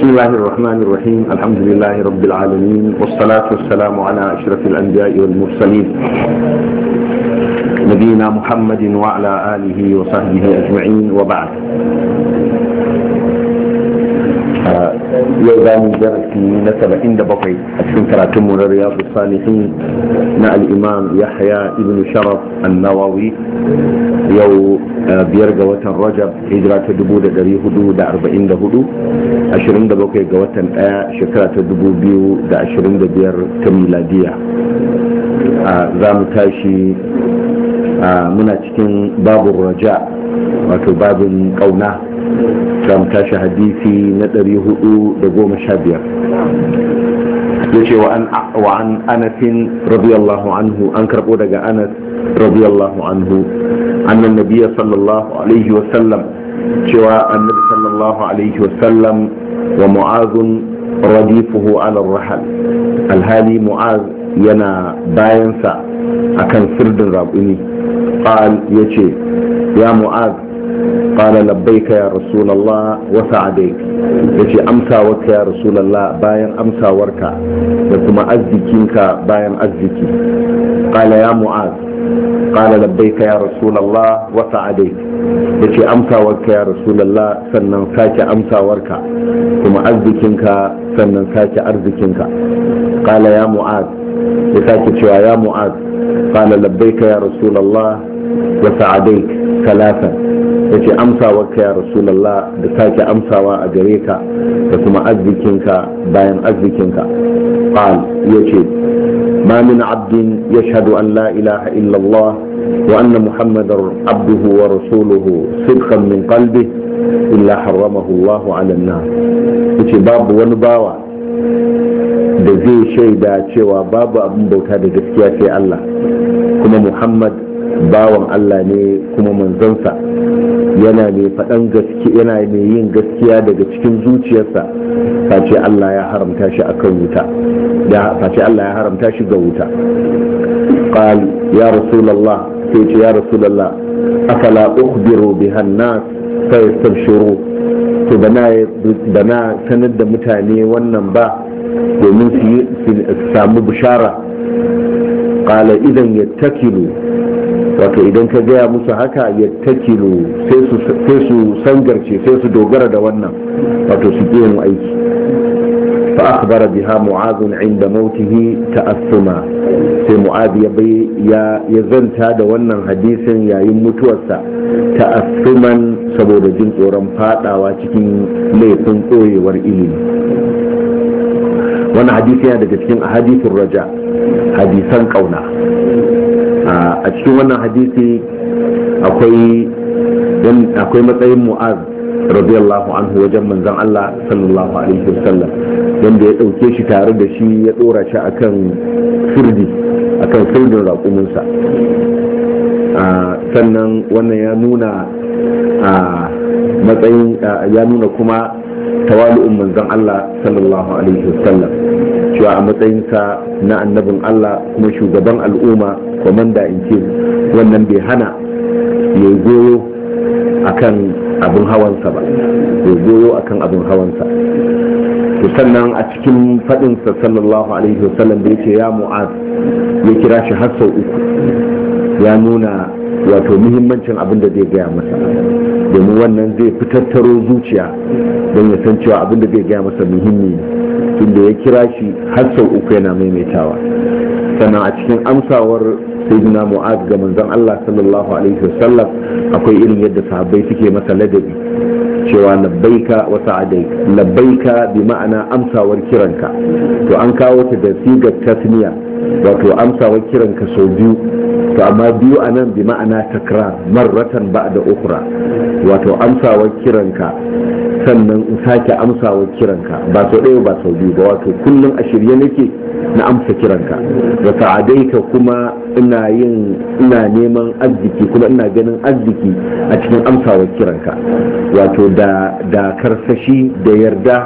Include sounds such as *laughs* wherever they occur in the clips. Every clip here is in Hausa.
بسم الله الرحمن الرحيم الحمد لله رب العالمين والصلاة والسلام على أشرف الأنبياء والمرسلين نبينا محمد وعلى آله وصحبه أجمعين وبعد yau za mu darasi na saba'in da bakwai a cikin karatun mu na riyadu salihin na al'imam yahya ibn sharaf annawawi yau biyar ga watan rajab hijira ta dubu da dari hudu da arba'in da hudu ashirin da bakwai ga watan daya shekara ta dubu biyu da ashirin da biyar ta miladiya za mu tashi muna cikin babu raja wato babin kauna kan hadisi na 415 ya ce wa an anasin radiyallahu anhu an karbo daga anas radiyallahu anhu annan nabiya sallallahu alaihi wasallam cewa annab sallallahu alaihi wasallam wa mu'azun radifuhu ala alhali mu'az yana bayansa akan sirdin rabu ne ya ce ya mu'az qala labbayka ya rasulullah wa sa'adayk yace amsawarka ya rasulullah bayan amsawarka da kuma azzikinka bayan azziki qala ya mu'az qala labbayka ya rasulullah wa sa'adayk yace amsawarka ya rasulullah sannan sake amsawarka kuma azzikinka sannan sake arzikinka qala ya mu'az ya sake cewa ya mu'az qala labbayka ya rasulullah wa sa'adayk ثلاثة yace ce amsawarka ya rasulallah da sake amsawa a gare ka da kuma arzikinka bayan arzikinka qal yace ma min abdin yashhadu an la ilaha wa anna muhammadar abduhu wa rasuluhu sidqan min qalbi illa haramahu allah ala yace babu wani bawa da zai shaida cewa babu abin bauta da gaskiya sai Allah kuma Muhammad bawan Allah ne kuma manzansa yana mai faɗan yana mai yin gaskiya daga cikin zuciyarsa face Allah ya haramta shi akan wuta face Allah ya haramta shi ga wuta qal ya rasulullah sai ce ya rasulullah afala ukhbiru biha nas fa yastabshiru to bana sanar da mutane wannan ba domin su samu bishara qala idan yattakilu wato idan ka gaya musu haka ya takilu sai su sangarce sai su dogara da wannan wato su yin aiki fa akhbara biha mu'adh inda mautihi ta'assuma sai mu'adh ya ya ya zanta da wannan hadisin yayin mutuwarsa ta'assuman saboda jin tsoron fadawa cikin laifin koyewar ilimi wannan hadisi yana daga cikin ahadithur raja hadisan kauna a cikin wannan hadisi akwai matsayin mu'az radiyallahu anhu wajen manzan Allah sallallahu alaihi wasallam yadda ya ɗauke shi tare da shi ya dora shi akan sirdi akan sirdin raƙuminsa sannan wannan ya nuna matsayin ya nuna kuma tawali'un manzan Allah sallallahu alaihi wasallam cewa a matsayinsa na annabin Allah kuma shugaban al'umma komanda in ce wannan bai hana ya goyo akan abin hawansa ba ya goyo akan abin hawansa to sannan a cikin faɗinsa sallallahu alaihi wasallam da yake ya mu'az ya kira shi har sau uku ya nuna wato muhimmancin abin da zai gaya masa domin wannan zai fitattaro zuciya don ya san cewa abin da zai gaya masa muhimmi ne da ya kira shi har sau uku yana maimaitawa sannan a cikin amsawar sayyidina mu'ad ga manzon Allah sallallahu alaihi wasallam akwai irin yadda sahabbai suke masa ladabi cewa labbaika wa sa'adai labbaika bi ma'ana amsawar kiranka to an kawo ta da sigar tasniya wato amsawar kiranka sau biyu to amma biyu a nan bi ma'ana takrar marratan da ukhra wato amsawar kiranka sannan in sake amsawa kiranka ba sau ɗaya ba sau biyu ba wato kullum a shirye nake na amsa kiranka da sa'adaita kuma ina yin ina neman arziki kuma ina ganin arziki a cikin amsawa kiranka wato da karsashi da yarda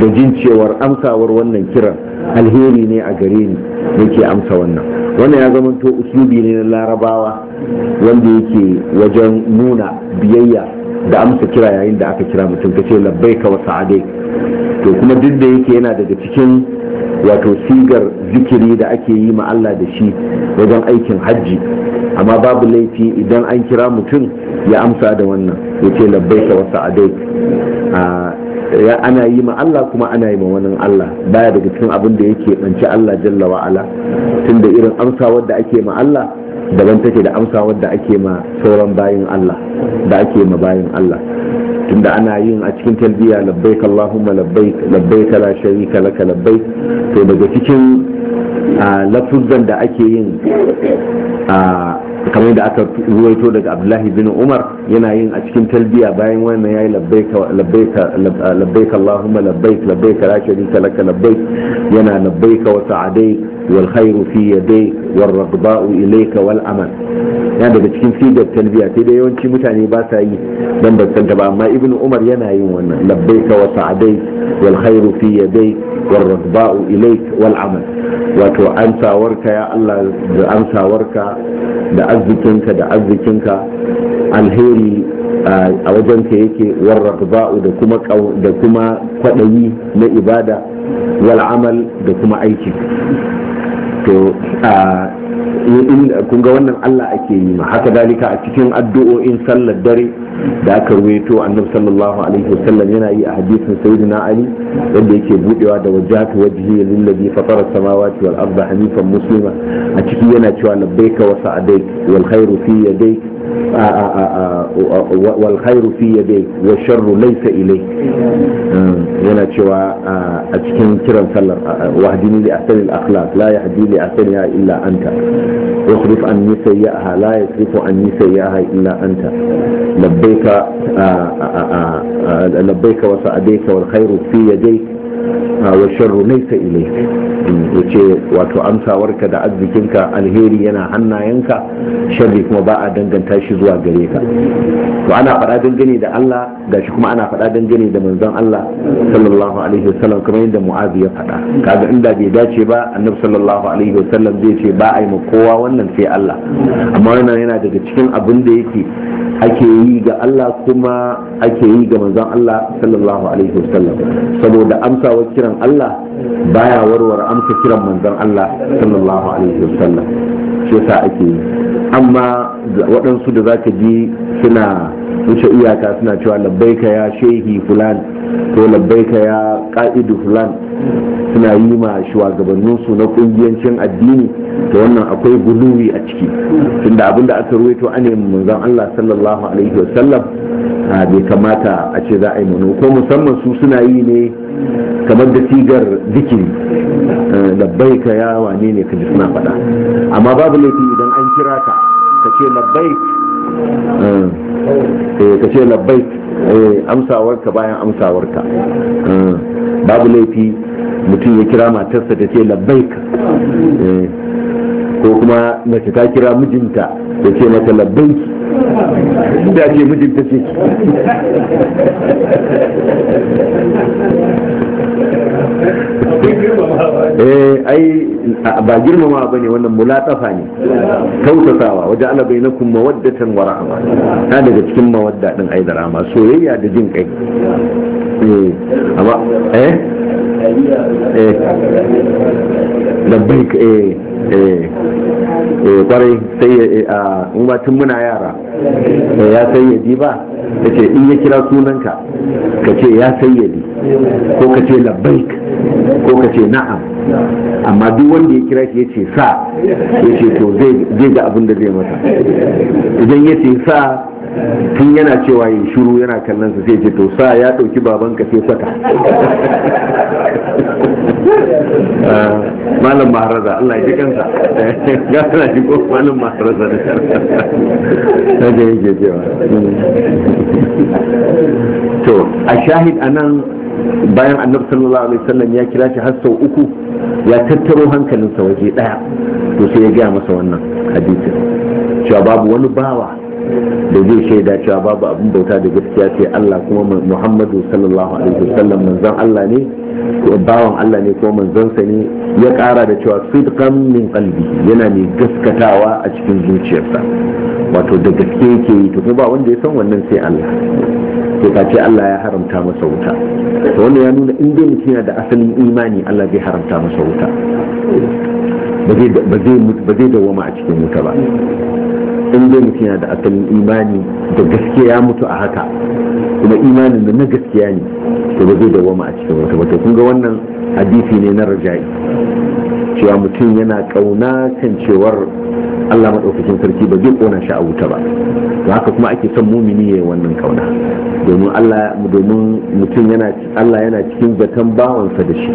da jin cewar amsawar wannan kiran alheri ne a gare ni nake amsa wannan wannan ya zama to ne na larabawa wanda yake wajen nuna biyayya da amsa kira yayin da aka kira mutum ka ce "Labbai ka wasu sa'adai to kuma duk da yake yana daga cikin wato sigar zikiri da ake yi ma Allah da shi wajen aikin hajji amma babu laifi idan an kira mutum ya amsa da wannan ya ce "Labbai ka wasu wa ya ana yi ma Allah kuma ana yi ma wani Allah baya daga cikin abin da yake ɗanci Allah jalla wa'ala tunda irin amsa wadda ake ma Allah daban take da amsa wadda ake ma sauran bayin Allah da ake ma bayin Allah tunda ana yin a cikin talbiya labbaik Allahumma labbaik labbaik la sharika laka labbaik to daga cikin ah, lafuzan da ake yin a ah, kamar yadda aka ruwaito daga abdullahi bin umar yana yin a cikin talbiya bayan wannan yayi labbaik allahumma labbaik labbaik la sharika laka labbaik yana labbaik wa sa'adai wal khairu fi yadai wal raghda'u ilayka wal amal yana daga cikin sigar talbiya sai dai yawanci mutane ba sa yi dan ba san ba amma ibnu umar yana yin wannan labbaik wa sa'adai wal khairu fi yadai والرضباء إليك والعمل wato amsawarka ya Allah da amsawarka da arzikinka da arzikinka alheri a wajenka yake warraqba'u da kuma da kuma kwaɗayi na ibada wal amal da kuma aiki to kun ga wannan Allah ake yi ma haka dalika a cikin addu'o'in sallar dare da aka ruwaito annabi sallallahu alaihi wasallam yana yi a hadisin sayyidina ali wanda yake budewa da wajhatu wajhi lillazi fatara samawati wal arda hanifan muslima a ciki yana cewa labbaika wa sa'adaik wal khairu fi yadayk wal khairu fi yadayk wa sharru laysa ilayk hmm, yana cewa a cikin kiran sallar wahdini li ahsani al akhlaq la yahdi li ahsaniha illa anta واصرف عني سيئها لا يصرف عني سيئها الا انت لبيك لبيك آه، آه، آه، لبيك وسعديك والخير في يديك والشر ليس إليك ya ce wato amsawarka da arzikinka alheri yana hannayenka sharri kuma ba a danganta shi zuwa gare ka to ana faɗa dangane da Allah gashi kuma ana faɗa dangane da manzon Allah sallallahu alaihi wasallam kamar yadda mu'azi ya faɗa kaga inda bai dace ba annabi sallallahu alaihi wasallam zai ce ba a yi ma kowa wannan sai Allah amma wannan yana daga cikin abin da yake ake yi ga Allah kuma ake yi ga manzon Allah sallallahu alaihi wasallam saboda amsawar kiran Allah baya warware amsa kiran manzon Allah sallallahu alaihi wasallam shi yasa ake yi amma waɗansu da zaka ji suna wuce iyaka suna cewa labbaika ya shehi fulan ko labbaika ya ka'idu fulan suna yi ma shugabannin su na kungiyancin addini to wannan akwai guluwi a ciki tunda abin da aka ruwaito ne manzon Allah sallallahu alaihi wasallam bai kamata a ce za a yi mano ko musamman su suna yi ne kamar da sigar zikiri labbaika ya wane ne ka suna faɗa amma babu laifi idan an kira ka ka ce labbaik eh, ka ce labbaik eh, amsawarka bayan amsawarka eh, babu laifi mutum ya kira matarsa ta ce labbaik ko kuma mace ta kira mijinta ta ce mata labbaik da ce mijinta ce Eh, ai ba girmama ba ne wannan mulatafa ne kautatawa wajen ala bai na bainakum mawaddatan wara rahma na daga cikin mawadda din ai da rahma soyayya da jin kai eh, amma eh eh labbaik eh eh eh kwarai sai eh, a in ba muna yara eh, ya sayyadi ba Ka ce in ya kira sunanka ka ce ya sayyadi ko ka ce labbaik ko ka ce na'am amma duk wanda ya kira shi ya ce sa ya ce to zai ga abin da zai masa idan ya ce sa tun yana cewa yin shiru yana kallon su sai ce to sa ya ɗauki babanka sai kwata *laughs* malam maharaza Allah ya ji kansa *laughs* gafara ji ko malam maharaza da sharka ta da yake cewa to a shahid anan bayan annabi sallallahu alaihi wasallam ya kira shi har sau uku ya tattaro hankalinsa waje daya to sai ya gaya masa wannan hadisi cewa babu wani bawa da zai shaida cewa babu abin bauta da gaskiya sai Allah kuma Muhammadu sallallahu alaihi wasallam manzon Allah ne bawan Allah ne kuma manzonsa ne ya kara da cewa sidqan min qalbi yana mai gaskatawa a cikin zuciyarsa wato da gaske yake yi to ba wanda ya san wannan sai Allah to ka ce Allah ya haramta masa wuta to wannan ya nuna in dai mutum yana da asalin imani Allah zai haramta masa wuta ba zai dawwama a cikin wuta ba in dai mutum yana da asalin imani da gaskiya ya mutu a haka kuma imanin da na gaskiya ne to ba zai dawama a cikin wata wata kun ga wannan hadisi ne na raja'i cewa mutum yana kauna kan cewar Allah maɗaukakin sarki ba zai kona shi a wuta ba to haka kuma ake son mumini yi wannan kauna domin Allah mutum yana Allah yana cikin zaton bawansa da shi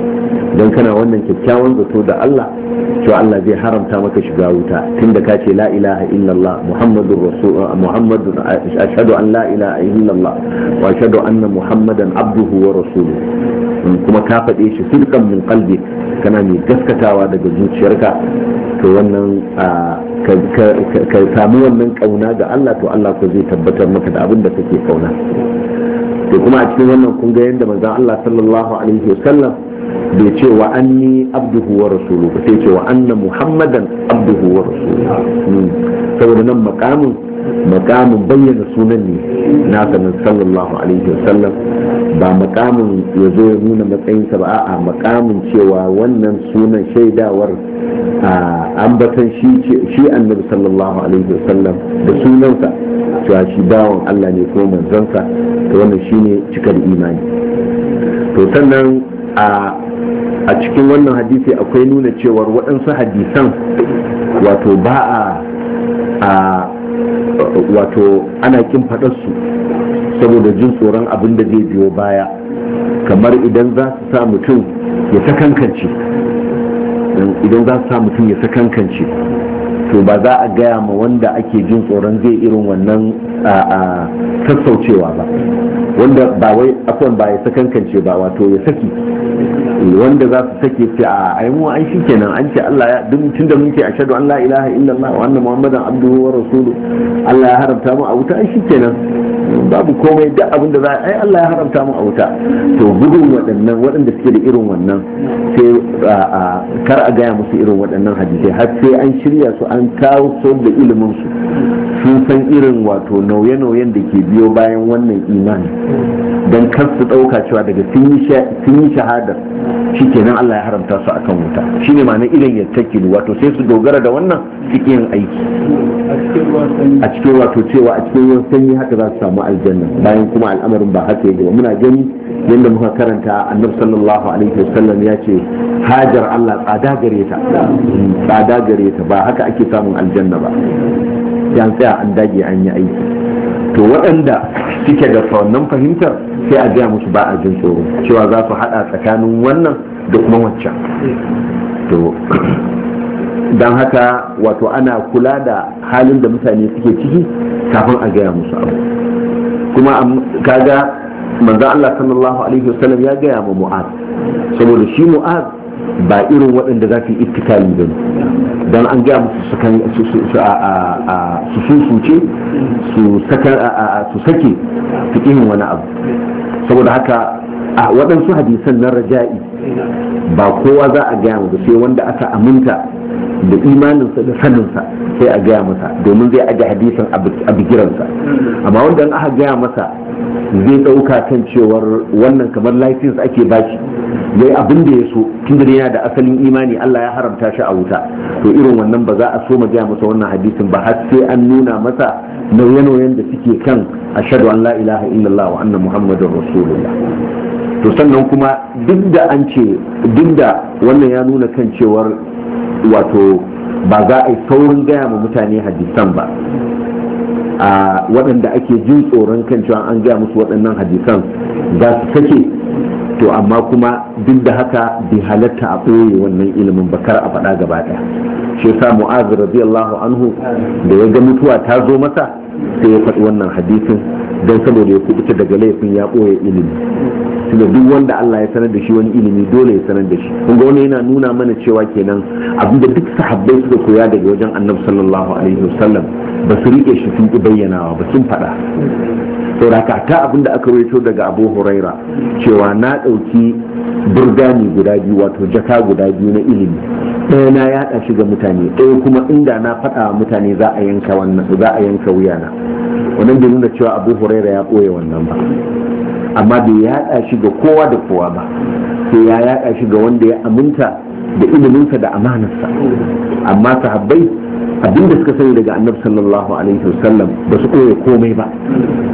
don kana wannan kyakkyawan zato da Allah cewa Allah zai haramta maka shiga wuta tunda ka ce la ilaha illallah muhammadur rasul ah, muhammadun ah, ashhadu an la ilaha illallah wa ashhadu anna muhammadan abduhu wa rasuluhu kuma ka faɗe shi sirkan min qalbi kana mai gaskatawa daga zuciyarka to wannan ah, ka samu wannan kauna ga Allah to Allah ko zai tabbatar maka da abin da kake kauna to kuma a cikin wannan kun ga yadda manzon Allah sallallahu alaihi wasallam bai ce wa anni abduhu wa rasulu ba sai ce wa anna muhammadan abduhu wa rasulu hmm. saboda nan makamin makamin bayyana sunan ne na sanin sallallahu alaihi wasallam ba makamin ya zo ya nuna matsayinsa ba a'a makamin cewa wannan sunan shaidawar ambatan shi annabi sallallahu alaihi wasallam da sunansa cewa shi bawan Allah ne ko manzansa to wannan shine cikar imani to sannan a a cikin wannan hadisi akwai nuna cewar waɗansu hadisan wato ba a wato ana kin su saboda jin tsoron abin da zai biyo baya kamar idan za su sa mutum ya kankanci idan za su sa mutum ya kankanci to ba za a gaya ma wanda ake jin tsoron zai irin wannan sassaucewa ba wanda ba wai akwai ba ya sakankance ba wato ya saki wanda za su sake ce a ai an shi kenan an ce Allah ya duk tunda ce ashhadu an la ilaha illallah wa anna muhammadan abduhu wa rasulu Allah ya haramta mu a wuta an shi kenan babu komai duk abin da za ai Allah ya haramta mu a wuta to gudun waɗannan waɗanda suke da irin wannan sai kar a gaya musu irin waɗannan hadisai har sai an shirya su an kawo su da ilimin su sun san irin wato nauye-nauyen da ke biyo bayan wannan imani don kar su ɗauka cewa daga sun yi shahadar shi kenan Allah ya haramta su akan wuta shi ne ma'ana irin yattakilu wato sai su dogara da wannan suke yin aiki a cikin wato cewa a cikin ruwan sanyi haka za su samu aljanna bayan kuma al'amarin ba haka yake muna gani yadda muka karanta annabi sallallahu alaihi wasallam ya ce hajar Allah tsada gare tsada gare ta ba haka ake samun aljanna ba sai an tsaya an dage an yi aiki to waɗanda suke da wannan fahimtar sai a gaya musu ba a jin tsoro cewa za su haɗa tsakanin wannan da kuma waccan to *clears throat* don haka wato ana kula da halin da mutane suke ciki kafin a gaya musu abu kuma kaga manzo Allah sallallahu alaihi wasallam ya gaya ma mu'az saboda shi mu'az ba irin waɗanda za su yi ittikali ba don an gaya musu kan su susuce su sake fikihin wani abu saboda haka a waɗansu hadisan na raja'i ba kowa za a gaya masa sai wanda aka aminta da imaninsa da saninsa sai a gaya masa domin zai aje hadisan a bigiransa amma wanda an aka gaya masa zai ɗauka kan cewar wannan kamar license ake bashi yayi abin da ya so tunda yana da asalin imani Allah ya haramta shi a wuta to irin wannan ba za a so gaya masa wannan hadisin ba har sai an nuna masa nauye-nauyen da suke kan ashadu an la ilaha illallah wa anna muhammadun rasulullah to sannan kuma duk da an ce duk da wannan ya nuna kan cewar wato ba za a yi saurin gaya ma mutane hadisan ba a waɗanda ake jin tsoron kan cewa an gaya musu waɗannan hadisan za su sake to amma kuma duk da haka bai halatta a ɓoye wannan ilimin bakar a faɗa gaba ɗaya shi yasa mu'az radiyallahu anhu da ya ga mutuwa ta zo masa sai ya faɗi wannan hadisin don saboda ya kubuta daga laifin ya ɓoye ilimi tunda duk wanda Allah ya sanar da shi wani ilimi dole ya sanar da shi kun ga wani yana nuna mana cewa kenan abin da duk sahabbai suka koya daga wajen annabi sallallahu alaihi wasallam ba su rike shi sun ki bayyanawa ba sun faɗa saboda ta da aka rawaito daga Abu Huraira cewa na ɗauki burgani guda biyu wato jaka guda biyu na ilimi ɗaya na yaɗa shi ga mutane ɗaya kuma inda na faɗa mutane za a yanka wannan za a yanka wuyana wannan bai nuna cewa abu huraira ya ɓoye wannan ba amma bai yaɗa shi ga kowa da kowa ba sai ya yaɗa shi ga wanda ya aminta da iliminsa da amanarsa amma sahabbai da suka sani daga annabi sallallahu alaihi wasallam ba su ɓoye komai ba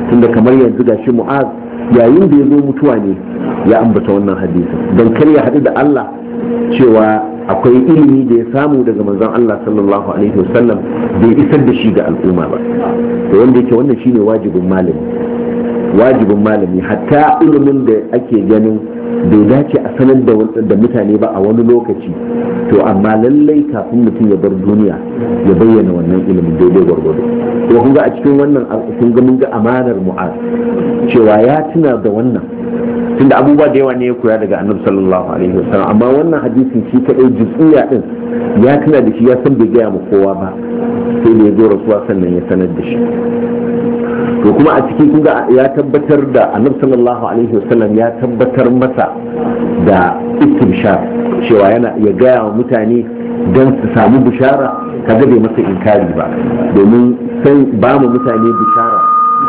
tunda kamar yanzu gashi mu'az yayin da ya zo mutuwa ne ya ambata wannan hadisin don kar ya haɗu da Allah cewa akwai ilimi da ya samu daga manzon Allah sallallahu alaihi wasallam bai isar da shi ga al'umma ba to wanda yake wannan shine wajibin malami wajibin malami hatta ilimin da ake ganin bai dace a sanar da mutane ba a wani lokaci to amma lallai kafin mutum ya bar duniya ya bayyana wannan ilimin daidai gwargwado to kun ga a cikin wannan kun ga mun ga amanar mu'az cewa ya tuna da wannan tunda abubuwa da yawa ne ya koya daga annabi sallallahu alaihi wasallam amma wannan hadisin shi kadai juziya din ya tuna da shi ya san bai gaya ma kowa ba sai da ya zo rasuwa sannan ya sanar da shi to kuma a cikin kunga ya tabbatar da annabi sallallahu alaihi wasallam ya tabbatar masa da istibshar cewa yana ya gaya wa mutane don su samu bishara kaga bai masa inkari ba domin sai ba mu mutane bishara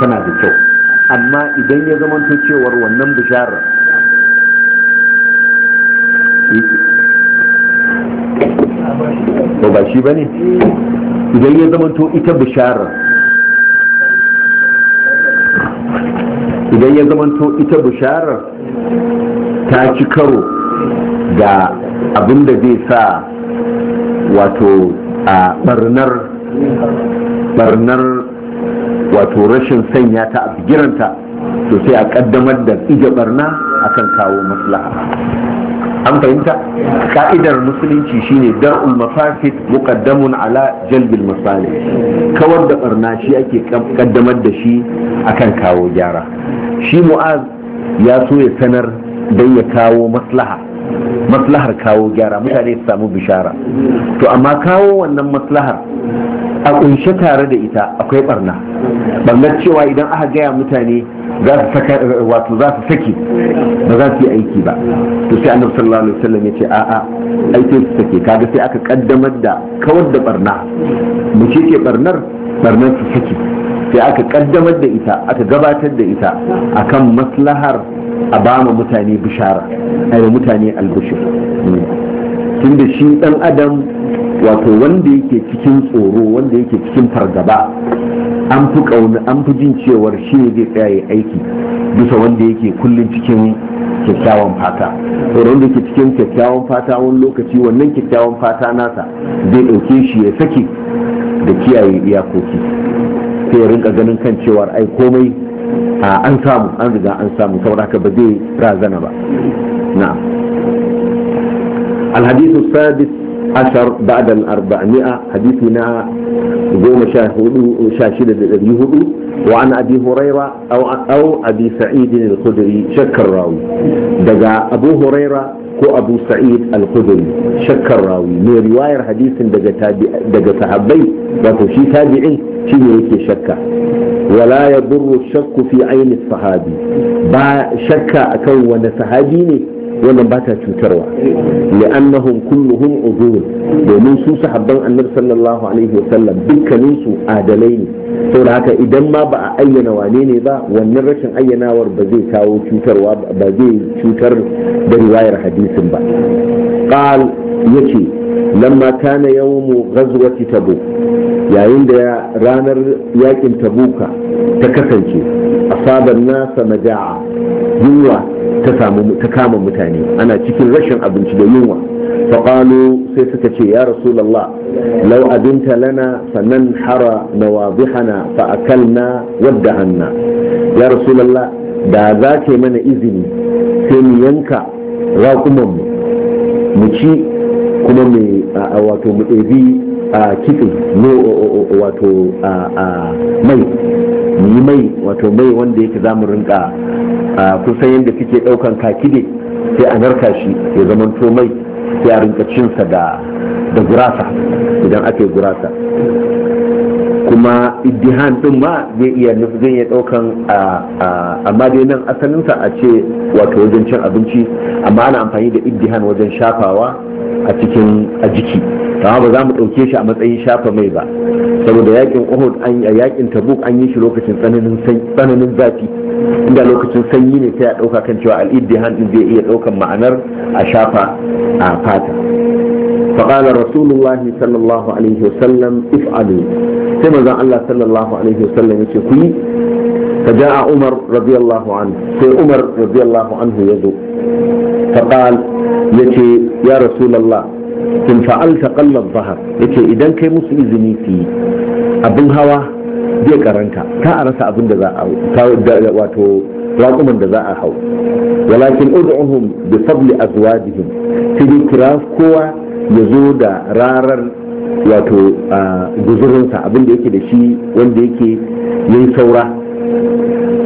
tana da kyau amma idan ya zamanto cewar wannan bishara, ba ba shi ba ne idan ya zamanto ita bishara, idan ya zamanto ita bishara, ta ci karo ga abin da zai sa wato a barnar barnar wato rashin sanya ta a figiranta to sai a kaddamar da ije barna akan kawo maslaha an fahimta ka'idar musulunci shine dar'ul mafasid muqaddamun ala jalbil masalih kawar da barna shi ake kaddamar da shi akan kawo gyara shi mu'az ya so ya sanar don ya kawo maslaha maslahar kawo gyara mutane su samu bishara to amma kawo wannan maslahar a kunshe tare da ita akwai barna barnar cewa idan aka gaya mutane za su saka wato za su saki ba za su yi aiki ba to sai annabi sallallahu alaihi wasallam ya ce a'a aikin su sake kaga sai aka kaddamar da kawar da barna mu ce ke barnar barnar su saki sai aka kaddamar da ita aka gabatar da ita akan maslahar a bama mutane bishara a mutane tun tunda shi dan adam wato wanda yake cikin tsoro wanda yake cikin fargaba an fi kauna an fi jin cewar shi ne zai tsaya aiki bisa wanda yake kullum cikin kyakkyawan fata to wanda ke cikin kyakkyawan fata wani lokaci wannan kyakkyawan fata nasa zai ɗauke shi ya sake da kiyaye iyakoki sai ya rinka ganin kan cewar ai komai an samu an riga an samu saboda haka ba zai razana ba na الحديث ashar ba'dan arba'mi'a hadisi na goma sha hudu sha shida da ɗari hudu wa an abi huraira au abi sa'idin al-khudri shakkar rawi daga abu huraira ko abu sa'id al-khudri shakkar rawi ne riwayar hadisin daga daga sahabbai wato shi tabi'in shi ne yake shakka wala yadurru shakku fi aini sahabi ba shakka akan wani sahabi ne wannan ba ta cutarwa li'annahum kulluhum udul domin su sahabban annabi sallallahu alaihi wasallam dukkanin su adalai ne saboda haka idan ma ba a ayyana wane ne ba wannan rashin ayyanawar ba zai kawo cutarwa ba zai cutar da riwayar hadisin ba qal yace lamma kana yawmu ghazwati tabuk yayin da ranar yakin tabuka ta kasance asaban nasa majaa yunwa ta kama mutane ana cikin rashin abinci da yunwa faƙalu sai suka ce ya rasulallah lau abinta lana sannan hara na wazihana na wadda hanna ya rasulallah da za ka mana izini sai mu yanka raƙumanmu mu ci kuma mu wato mu ɗabi a kitse wato mai mu yi mai wato mai wanda yake za mu rinka a kusan yadda suke ɗaukan kakide sai a narka shi ya zama mai sai a rinka da gurasa idan ake gurasa kuma iddihan din ma zai iya nufi zai iya daukan amma dai nan asalinsa a ce wato wajen cin abinci amma ana amfani da iddihan wajen shafawa a cikin a jiki amma ba za mu ɗauke shi a matsayin shafa mai ba saboda yakin uhud an yakin tabuk an yi shi lokacin tsananin zafi inda lokacin sanyi ne sai a ɗauka kan cewa al'iddihan din zai iya ɗaukan ma'anar a shafa a fata فقال رسول if adu sai عليه Allah sallallahu alaihi قال الله صلى الله عليه وسلم يقول a Umar رضي الله sai Umar عمر رضي الله عنه يدو فقال يا رسول الله in fa'alta qallan zahar yace idan kai musu izini yi abin hawa zai karanta ta a rasa abin da za a wato raƙuman da za a hau walakin ud'uhum bi fadli azwajihim sai dai kira kowa ya zo da rarar wato guzurinsa abin da yake da shi wanda yake yayi saura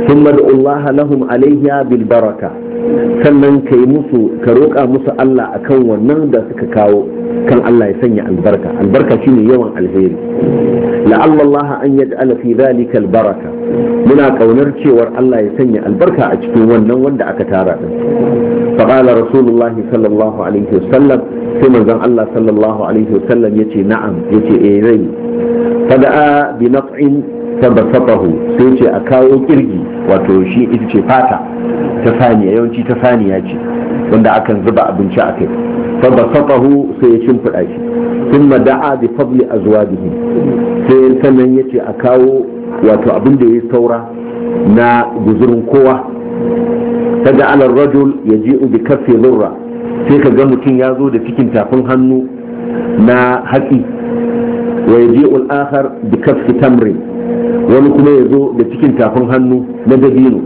sun Allah lahum alaiya bil baraka sannan ka yi musu ka roƙa musu Allah akan wannan da suka kawo kan Allah ya sanya albarka albarka shi ne yawan alheri la'alla an yaj'ala fi dhalika al baraka muna ƙaunar cewar Allah ya sanya albarka a cikin wannan wanda aka tara din fa qala rasulullah sallallahu alaihi wasallam sai manzon Allah sallallahu alaihi wasallam yace na'am yace eh rai fada'a bi naf'in sabasatahu sai ce a kawo kirgi wato shi ita ce fata ta saniya yawanci ta saniya ce wanda akan zuba abinci a kai fa basatahu sai ya shimfiɗa shi thumma da'a bi zuwa azwajihi sai sannan yace a kawo wato abin da ya saura na guzurin kowa kaga alal rajul yaji'u bi kaffi lura. sai ga mutum ya zo da cikin tafin hannu na hatsi wa yaji'u al bi kaffi tamrin wani kuma ya zo da cikin tafin hannu na dabino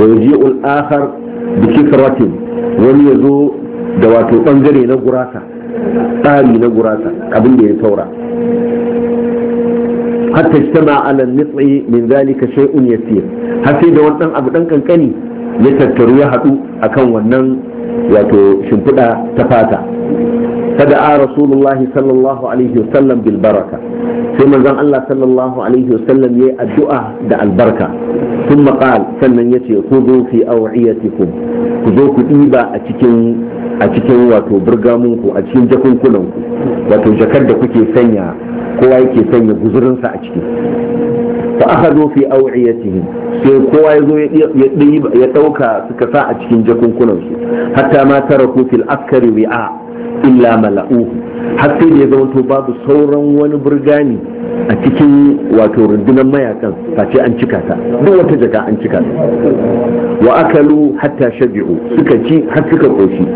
wa yaji'u al-akhar bi kifratin wani ya zo da wato bangare na gurasa tsari na gurasa abin da ya taura hatta ijtama ala nitsi min zalika shay'un yasir har sai da wannan abu dan kankani ya tattaru ya hadu akan wannan wato shimfiɗa ta fata ka da rasulullahi alaihi wasallam bil baraka sai manzon Allah sallallahu alaihi wasallam yayi addu'a da albarka tun maqal sannan yace ku zo fi awiyatikum ku zo ku diba a cikin a cikin wato burgamun ku a cikin jakunkunan ku wato jakar da kuke sanya kowa yake sanya guzurinsa a ciki fa akhadhu fi awiyatihim sai kowa ya zo dauka suka sa a cikin jakunkunan su hatta ma taraku fil askari wi'a illa mala'u har sai da ya zama to babu sauran wani burgani a cikin wato rundunar mayakan face an cika ta duk wata jaka an cika ta wa akalu hatta shabi'u suka ci har suka koshi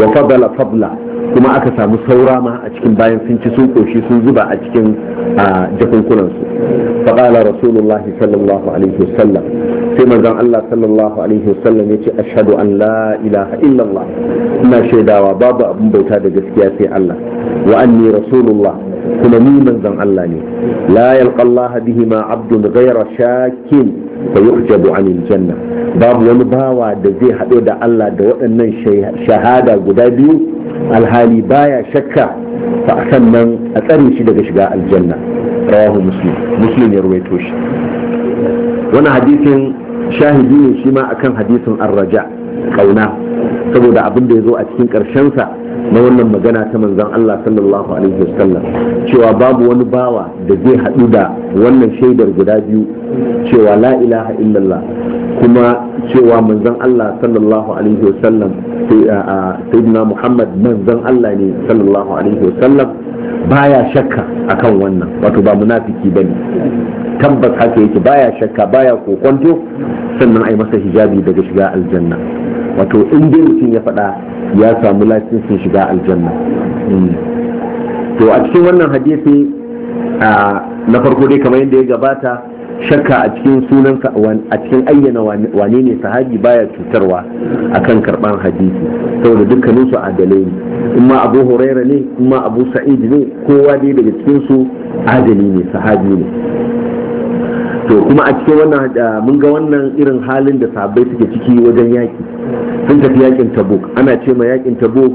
wa fadala fadla kuma aka samu saura ma a cikin bayan sun ci sun koshi sun zuba a cikin jakunkunan su faqala rasulullahi sallallahu alaihi wasallam sai manzon Allah sallallahu alaihi wasallam ya ce ashhadu an la ilaha illallah ina shaidawa babu abin bauta da gaskiya sai Allah wa anni rasulullah kuma ni manzon Allah ne la yalqa Allah bihi ma abdun ghayra shakin fa yuhjabu anil janna babu wani bawa da zai haɗo da Allah da waɗannan shahada guda biyu alhali baya shakka fa sannan a tsare shi daga shiga aljanna rawahu muslim muslim ya ruwaito shi wannan hadisin shahidi ne shi ma akan hadisin arraja kauna saboda abin da ya zo a cikin ƙarshensa na wannan magana ta manzon Allah sallallahu alaihi wasallam cewa babu wani bawa da zai haɗu da wannan shaidar guda biyu cewa la ilaha illallah kuma cewa manzan Allah sallallahu alaihi wasallam sayyidina Muhammad manzan Allah ne sallallahu alaihi wasallam baya shakka akan wannan wato ba munafiki bane tabbas haka yake baya shakka baya kokonto sannan a yi masa hijabi daga shiga aljanna wato in dai mutum ya faɗa ya samu lasisin shiga aljanna to a cikin wannan hadisi na farko dai kamar yadda ya gabata shakka a cikin sunan a cikin ayyana wane ne sahabi baya cutarwa akan karban hadisi saboda dukkanin su a dalili in ma abu huraira ne in ma abu sa'id ne kowa dai daga cikin su adali ne sahabi ne to kuma a cikin wannan mun ga wannan irin halin da sabai suke ciki wajen yaki sun tafi yakin tabuk ana ce ma yakin tabuk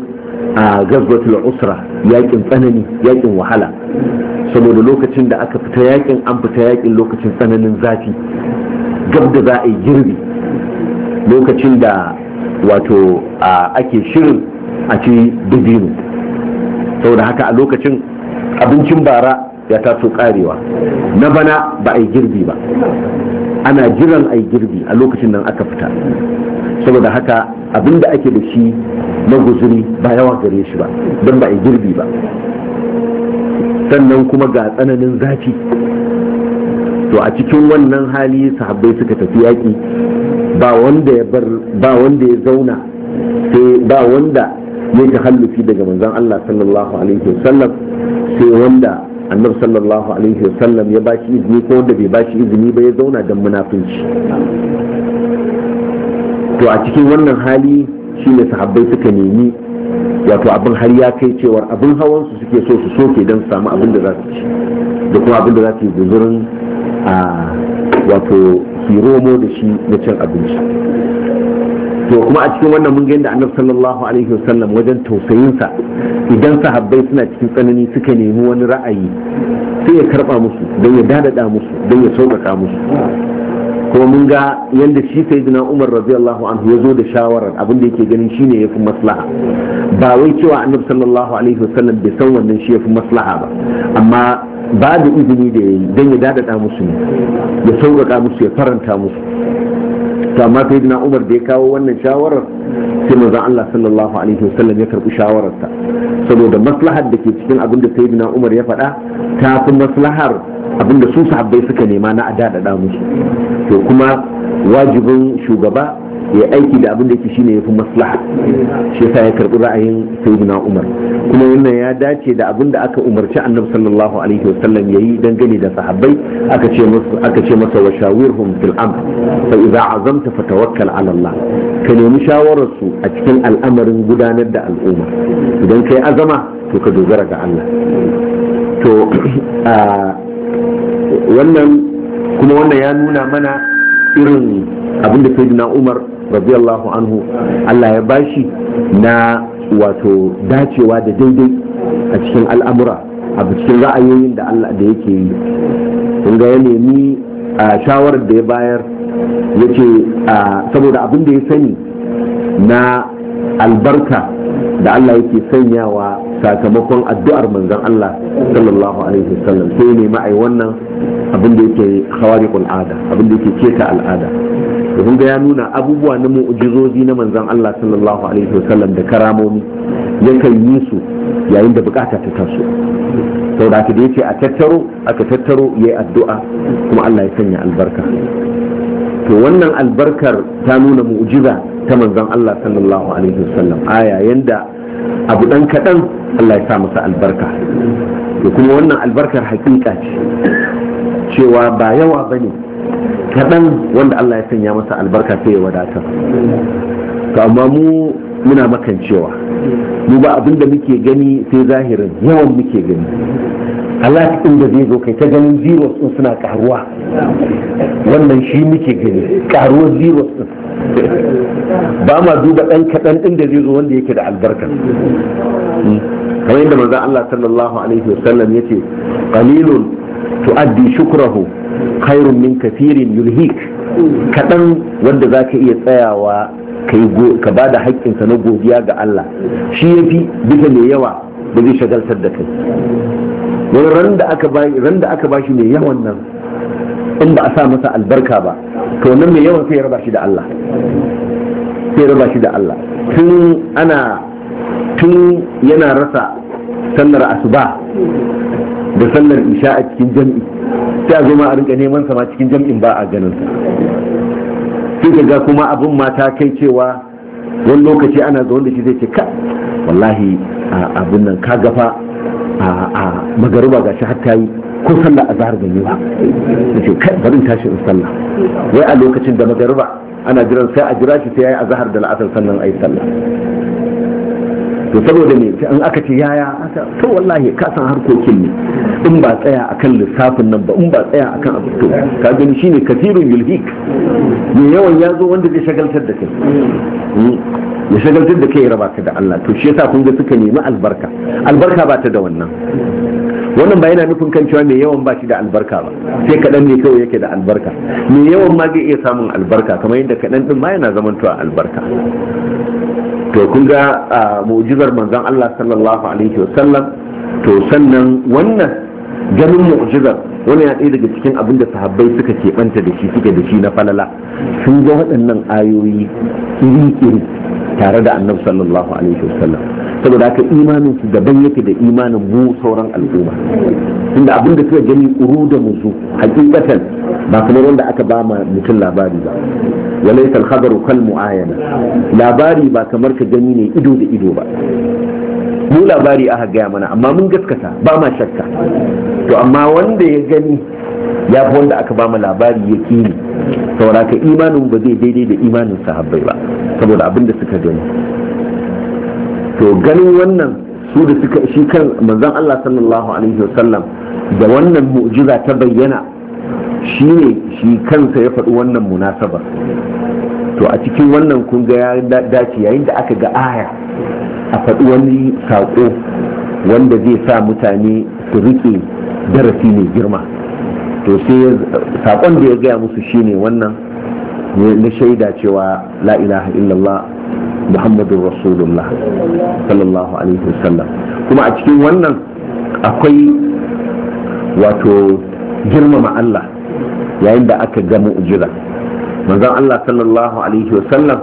a gazwatul usra yakin tsanani yakin wahala saboda lokacin da aka fita yakin an fita yakin lokacin tsananin zafi gab da za a yi girbi lokacin da wato ake shirin a ci dubinu saboda haka a lokacin abincin bara ya taso karewa na bana ba a yi girbi ba ana jiran a yi girbi a lokacin nan aka fita saboda haka abinda ake da shi na guzuri ba yawa gare shi ba don ba a yi girbi ba sannan kuma ga tsananin zafi to a cikin wannan hali sahabbai suka tafi yaƙi ba wanda ya bar ba wanda ya zauna sai ba wanda ya hallufi daga manzan Allah sallallahu alaihi wasallam sai wanda annabi sallallahu alaihi wasallam ya ba izini ko wanda bai ba shi izini ba ya zauna don munafunci to a cikin wannan hali shine sahabbai suka nemi wato abin har ya kai cewar abin hawan su suke so su soke don samu abin da za su ci da kuma abin da za su yi guzurin a wato su da shi na cin abinci to kuma a cikin wannan mun ga yadda annabi sallallahu alaihi wasallam wajen tausayinsa idan sahabbai suna cikin tsanani suka nemi wani ra'ayi sai ya karba musu don ya dadada musu don ya sauƙaƙa musu kuma mun ga yadda shi sayyidina Umar radiyallahu anhu ya zo da shawarar abin da yake ganin shine yafi maslaha ba wai cewa annabi sallallahu alaihi wasallam bai san wannan shi yafi maslaha ba amma ba da izini da yayi don ya dadada musu ya sauƙaƙa musu ya faranta musu to amma sai na umar da ya kawo wannan shawarar sai manzon Allah sallallahu alaihi wasallam ya karbi shawararsa saboda maslahar da ke cikin abin da sayyidina umar ya faɗa ta fi maslahar abin da su sahabbai suka nema na a daɗaɗa musu to kuma wajibin shugaba ya aiki da abin da yake shine yafi maslaha shi yasa ya karbi ra'ayin sayyidina Umar kuma wannan ya dace da abin da aka umarci Annabi sallallahu alaihi wasallam yayi dangane da sahabbai aka ce masa aka ce masa washawirhum fil amr fa idza azamta fatawakkal ala Allah ka nemi shawarar su a cikin al'amarin gudanar da al'umma idan kai azama to ka dogara ga Allah to *clears throat* wannan kuma wannan ya nuna mana irin abinda sayyidina Umar radiyallahu anhu Allah ya bashi na wato dacewa da daidai a cikin al'amura a cikin ra'ayoyin da Allah da yake yi kun ga ya nemi shawarar da ya bayar ya ce saboda abin da ya sani na albarka da Allah yake sanyawa sakamakon addu'ar manzon Allah sallallahu alaihi wasallam sai ne ma'ai wannan abin da yake khawariqul ada abin da yake keta al'ada da ga ya nuna abubuwa na mu'ujizozi na manzan Allah sallallahu alaihi wasallam da karamomi yakan yi su yayin da bukata ta taso da haka da yace a tattaro aka tattaro yayi addu'a kuma Allah ya sanya albarka to wannan albarkar ta nuna mu'jiza ta manzan Allah sallallahu alaihi wasallam aya yanda abu dan kadan Allah ya sa masa albarka to kuma wannan albarkar hakika ce cewa ba yawa bane kaɗan wanda Allah ya sanya masa albarka sai ya wadata to amma mu muna makancewa mu ba abin da muke gani sai zahirin yawan muke gani Allah ɗin da zai zo kai ta ganin zero sun suna karuwa wannan shi muke gani karuwar zero sun ba ma duba ɗan kaɗan ɗin da zai zo wanda yake da albarka hmm. kamar yadda manzon Allah sallallahu alaihi wasallam yace qalilun tu'addi shukrahu khairun min kafirin yulhik kaɗan wanda za ka iya tsayawa ka ba da haƙƙinsa na godiya ga Allah shi ya fi bisa mai yawa da zai shagaltar da kai wani ran da aka bashi shi mai yawan nan in ba a sa masa albarka ba to wannan mai yawan sai ya raba shi da Allah sai raba shi da Allah tun ana tun yana rasa sallar asuba da sallar isha a cikin jami'i sai a zo ma a rinka neman sa ma cikin jam'in ba a ganin sa sai ka ga kuma abin mata kai cewa wani lokaci ana zaune da shi zai ce ka wallahi abin nan ka gafa a magaruba ga shi hatta yi ko sallah a zahar gani ba ce kai bari tashi in sallah wai a lokacin da magaruba ana jiran sai a jira shi sai yi a zahar da la'asar sannan a yi sallah to saboda me an aka ce yaya to wallahi ka san harkokin ne in ba tsaya akan lissafin nan ba in ba tsaya akan abu to ka gani shine kathirun yulhik me yawan ya zo wanda zai shagaltar da kai hmm. ya shagaltar da kai raba ka da Allah to shi yasa kun ga suka nemi albarka albarka ba ta da wannan wannan ba yana nufin kan cewa mai yawan ba shi da albarka ba sai kaɗan ne kawai yake da albarka mai yawan ma zai iya samun albarka kamar yadda kaɗan ɗin ma yana zamantowa albarka to kun ga mu'jizar manzon Allah sallallahu alaihi wasallam to sannan wannan ganin mu'jizar wani ya daga cikin abin da sahabbai suka keɓanta da shi suke da shi na falala sun ga waɗannan ayoyi iri-iri tare da annabi sallallahu alaihi wasallam saboda haka imanin su daban yake da imanin mu sauran al'umma inda abin da suka gani uru da musu hakikatan ba kamar wanda aka ba ma mutum labari ba walaysa al-khabaru kal mu'ayana labari ba kamar ka gani ne ido da ido ba mu labari aka gaya mana amma mun gaskata ba ma shakka to amma wanda ya gani ya fi wanda aka ba mu labari ya kini saboda ka imanin ba zai daidai da imanin sahabbai ba saboda abin da suka gani to ganin wannan su da suka shi kan manzon Allah sallallahu alaihi wasallam da wannan mu'jiza ta bayyana shi ne shi kansa ya faɗi wannan munasabar to a cikin wannan kun ga dace yayin da aka ga aya a faɗi wani saƙo wanda zai sa mutane su riƙe darasi mai girma to sai saƙon da ya gaya musu shi ne wannan na shaida cewa la ilaha illallah muhammadu rasulullah sallallahu alaihi wasallam kuma a cikin wannan akwai wato girmama Allah yayin da aka ga mu'jiza manzon Allah sallallahu alaihi wasallam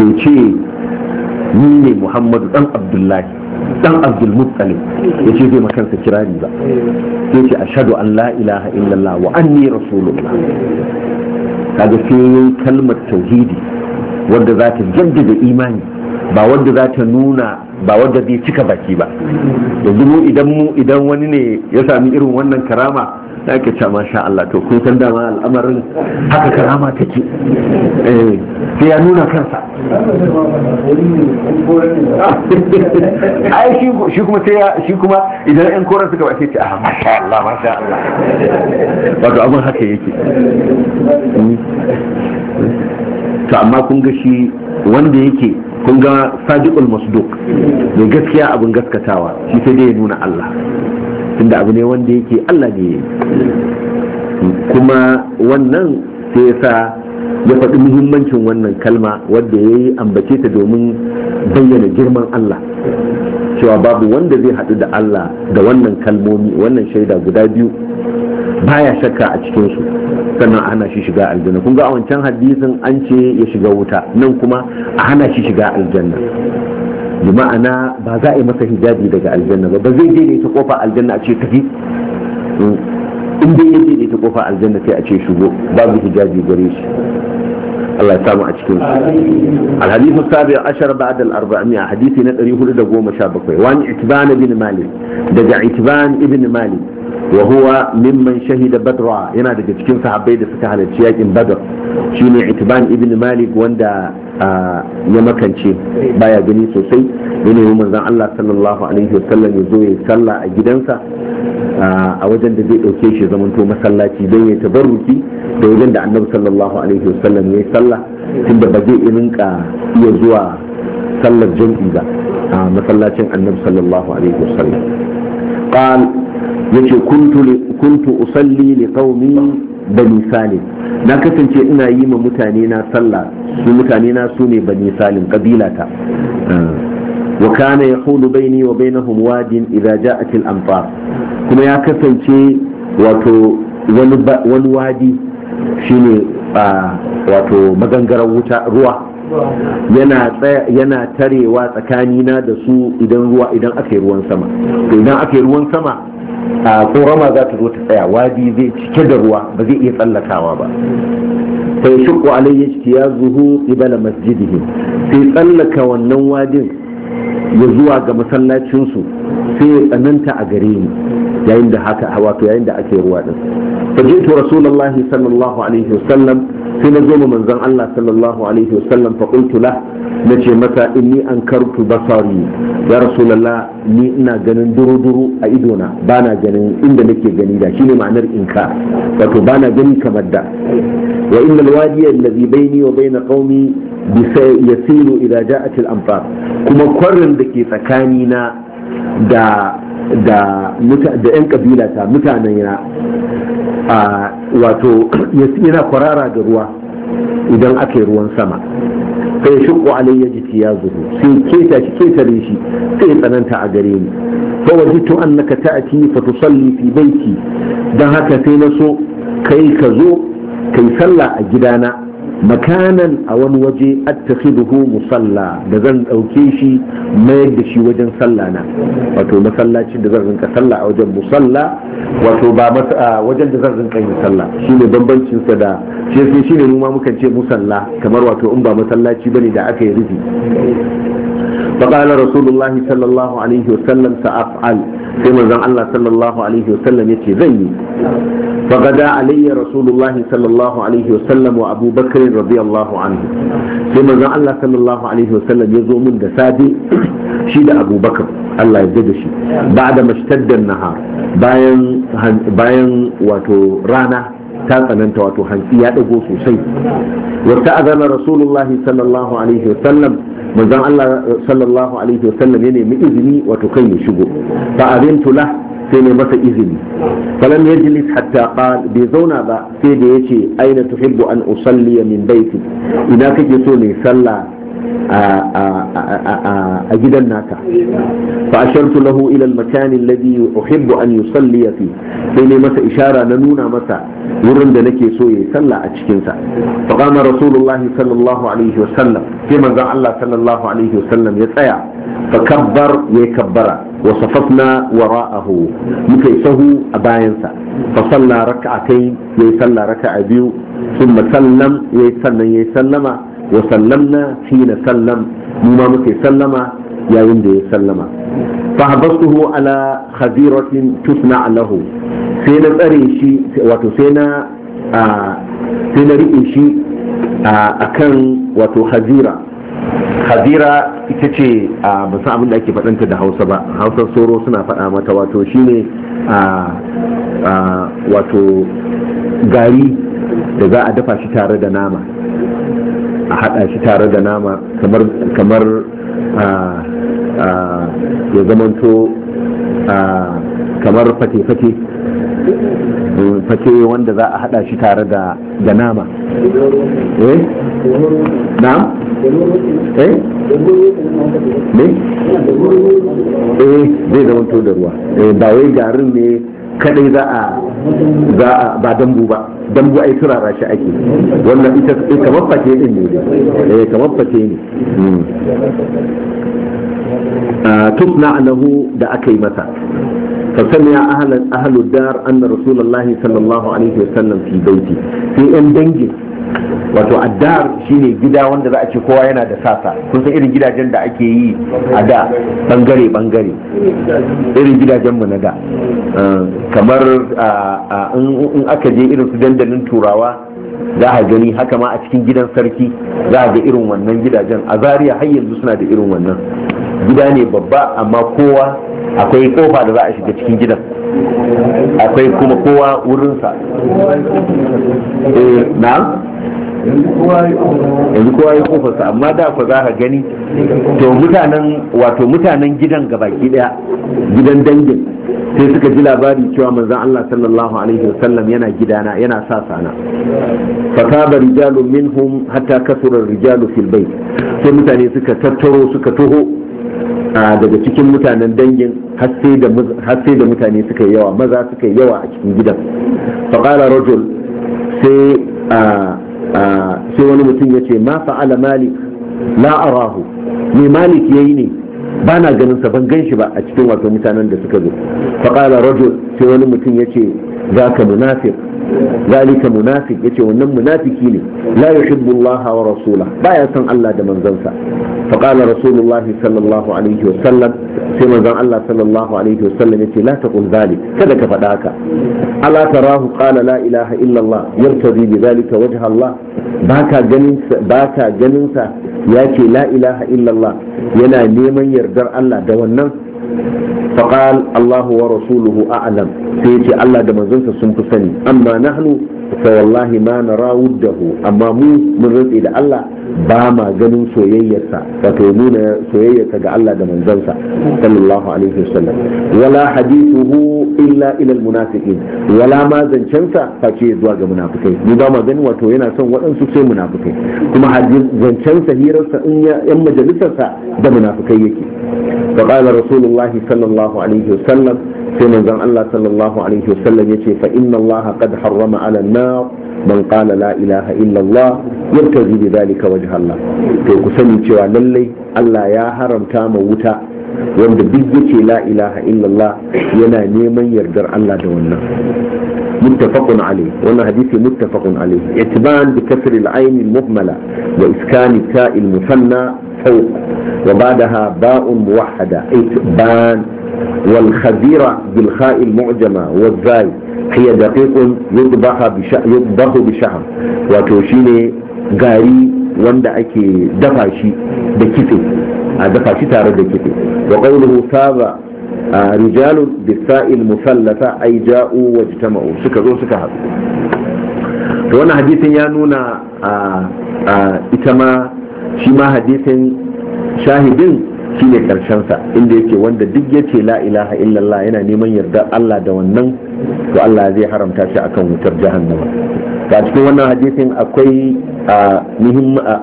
bai ce ni ne Muhammadu dan Abdullahi dan Abdul Muttalib ya ce zai makansa kirari ba sai ce ashhadu an la ilaha illallah wa anni rasulullah kaga sai kalmar tauhidi wanda za ta jaddada imani ba wanda za ta nuna ba wanda zai cika baki ba yanzu mu idan mu idan wani ne ya sami irin wannan karama ya ke ce masha Allah to kun san dama al'amarin haka karama take eh sai ya nuna kansa ai shi kuma sai shi kuma idan an koran suka ba sai ce ah masha Allah masha Allah wato abin haka yake to amma kun ga shi wanda yake kun ga sadiqul masduq mai gaskiya abin gaskatawa shi sai dai ya nuna Allah tunda abu ne wanda yake Allah ne kuma wannan sai ya sa ya faɗi muhimmancin wannan kalma wadda ya yi ambace ta domin bayyana girman Allah cewa babu wanda zai haɗu da Allah da wannan kalmomi wannan shaida guda biyu baya shakka a cikinsu sannan a hana shi shiga aljanna kun ga a wancan hadisin an ce ya shiga wuta nan kuma a hana shi shiga aljanna bi ma'ana ba za a yi masa hijabi daga aljanna ba ba zai daidaita kofa aljanna a ce tafi hmm. in dai yadda daidaita kofa aljanna sai a ce shigo babu hijabi gare shi Allah ya samu a cikin su alhadithu sabi ashar da al arba'miya hadisi na 417 wani itban ibn malik daga itban ibn malik wa huwa mimman shahida badra yana daga cikin sahabbai da suka halarci yakin badr shine itban ibn malik wanda ya makance baya gani sosai yana mu manzon Allah sallallahu alaihi wasallam ya zo ya salla a gidansa a wajen da zai dauke shi to masallaci don ya tabarruki da wajen da annabi sallallahu alaihi wasallam ya salla tunda ba zai rinka iya zuwa sallar jam'i ba a masallacin annabi sallallahu alaihi wasallam sallam. yace kuntu usalli li qaumi bani salim na kasance ina yi ma mutane na sallah su mutane na su ne bani salim kabilata wa kana yahulu baini wa bainahum wadin idza ja'at al amtar kuma ya kasance wato wani wani wadi shine wato magangarar wuta ruwa yana yana tarewa tsakanina da su idan ruwa idan aka ruwan sama to idan aka ruwan sama a korama za ta zo ta tsaya wadi zai cike da ruwa ba zai iya tsallakawa ba sai shukku alayya ya zuhu ibala masjidihi sai tsallaka wannan wadin ya zuwa ga masallacinsu sai ya tsananta a gare ni yayin da haka wato yayin da ake ruwa din jitu rasulullahi sallallahu alaihi wasallam sai na zo ma manzon Allah sallallahu alaihi wasallam fa qultu la nace masa inni ankartu basari ya rasulullah ni ina ganin duru duru a idona bana ganin inda nake gani da shine ma'anar inka wato bana gani kamar da wa innal wadiya alladhi baini wa baina qaumi yasiru idza ja'at al-amtar kuma kwarin da ke tsakani na da da yan kabila ta mutanen yana a wato yana kwarara da ruwa idan aka yi ruwan sama sai shuku ya jiki ya zuru sai keta shi ketare shi sai tsananta a gare ni fa wajitu annaka ta'ati fa tusalli fi baiti dan haka sai na so kai ka zo kai sallah a gidana makanan a wani waje attakhiduhu musalla da zan dauke shi mayar da shi wajen sallah na wato masallacin da zan rinka sallah a wajen musalla wato ba wajen da zan rinka yin sallah shine bambancin sa da shi shine mu ma mukan ce musalla kamar wato in ba masallaci bane da aka yi rufi فقال رسول الله صلى الله عليه وسلم سأفعل كما زعل الله صلى الله عليه وسلم يتي زيي فغدا علي رسول الله صلى الله عليه وسلم وابو بكر رضي الله عنه ثم الله صلى الله عليه وسلم يزوم من دسادي شيد ابو بكر الله يجد بعد ما اشتد النهار باين باين واتو رانا ta tsananta wato hantsi ya ɗago sosai wata azana rasulullahi sallallahu alaihi wasallam manzon Allah sallallahu alaihi wasallam ya nemi izini wato kai ya shigo fa azintu sai ne masa izini falam yajlis hatta qal bai zauna ba sai da yace aina tuhibbu an usalli min baiti ina kake so ne sallah a gidan naka fa ashartu lahu ila al-makan alladhi uhibbu an yusalli fi sai ne masa ishara na nuna masa wurin da nake so yayi sallah a cikin sa fa qama rasulullahi sallallahu alaihi wa sai manzon Allah sallallahu alaihi wa ya tsaya fa kabbar ya kabbara وصففنا وراءه مكيسه أباينسا فصلى ركعتين يسلى ركع بيو ثم سلم يسلم يسلم وسلمنا حين سلم مما مكيسلم يا يندي سلم فحبسته على خزيرة تصنع له سينا بريشي وتسينا آه سينا رئيشي آه أكن وتخزيره hazira ita ce a basan abinda ake faɗanta da hausa ba hausar soro suna faɗa mata wato shine a wato gari da za a dafa shi tare da nama a haɗa shi tare da nama kamar ya zamanto kamar fate-fate fake wanda za a hada shi tare da da nama eh na eh ne eh zai zama to da ruwa eh, ba wai garin ne kadai za a za a ba dambu ba dambu ai turara shi ake wannan ita kamar fake din ne eh kamar fake ne hmm. tusna lahu da aka yi masa فسمع أهل أهل الدار أن رسول الله صلى الله عليه وسلم في بيتي في أن دنجي wato addar shine gida wanda za a ce kowa yana da sasa kun san irin gidajen da ake yi a da bangare bangare irin gidajen mu na da kamar in aka je irin su dandalin turawa za a gani haka ma a cikin gidan sarki za a ga irin wannan gidajen a Zariya har yanzu suna da irin wannan gida ne babba amma kowa akwai kofa da za a shiga cikin gidan akwai kuma kowa wurinsa eh, yanzu kowa ya kofarsa amma da ku za ka gani to mutanen wato mutanen gidan gaba daya gidan dangin sai suka ji labari cewa manzon Allah sallallahu alaihi wasallam yana gidana yana sa sana fataba rijalun minhum hatta kasura rijalu fil bayt sai mutane suka tattaro suka toho daga cikin mutanen dangin har sai da mutane suka yi yawa maza suka yi yawa a cikin gidan faƙala rajul sai wani mutum ya ce ma fa'ala malik la arahu me malik yi ne ba na ganin sa ban gan shi ba a cikin wato mutanen da suka zo faƙala rajul sai wani mutum yace ce za ka munafik zalika munafik yace wannan munafiki ne la yuhibbu Allah wa rasula baya san Allah da manzansa faƙala rasulullah sallallahu alaihi wa sallam sai manzon Allah sallallahu alaihi wa sallam yace ce la taqul zalik kada ka faɗa haka ala tarahu qala la ilaha illa Allah yartadi bi zalika wajha Allah baka ganin baka ganin sa yace ce la ilaha illa Allah yana neman ya yardar Allah da wannan فقال الله ورسوله أعلم سيتي الله دم زنسة سنفسني أما نحن فوالله ما نرى وده أما مو من رزق إلى الله باما جنون سويية وتومون سويية جاء الله دم زنسة صلى الله عليه وسلم ولا حديثه إلا إلى المنافقين ولا ما زن شنسة فكي زواج منافقين نظام جن وتوينا سن وأن سوسي منافقين كما حديث زن شنسة هي رسا إن يم جلسة دم منافقين فقال رسول الله الله صلى الله عليه وسلم سنة زن الله صلى الله عليه وسلم يتي فإن الله قد حرم على النار من قال لا إله إلا الله يبتغي بذلك وجه الله في كسني تيوى للي الله يا حرم تام وتا wanda duk yace la ilaha illallah yana neman yardar Allah da wannan muttafaqun alayh wannan hadisi muttafaqun alayh itban bi kasr al-ayn al-muhmala wa iskan musanna الحوت وبعدها باء موحدة إتبان والخذيرة بالخاء المعجمة والزاي هي دقيق يطبخ يطبخ بشعر وتوشيني غاري wanda ake dafa shi da kitse a dafa shi tare da kitse wa qawluhu saba rijalun bisa'il musallata ay ja'u wajtama'u suka hadisin ya nuna ita ma shi ma hadisin shahidin shi ne karshensa inda yake wanda duk yace ce la ilaha illallah yana neman yarda Allah da wannan to Allah zai haramta shi akan wutar jahannama ga cikin wannan hadisin akwai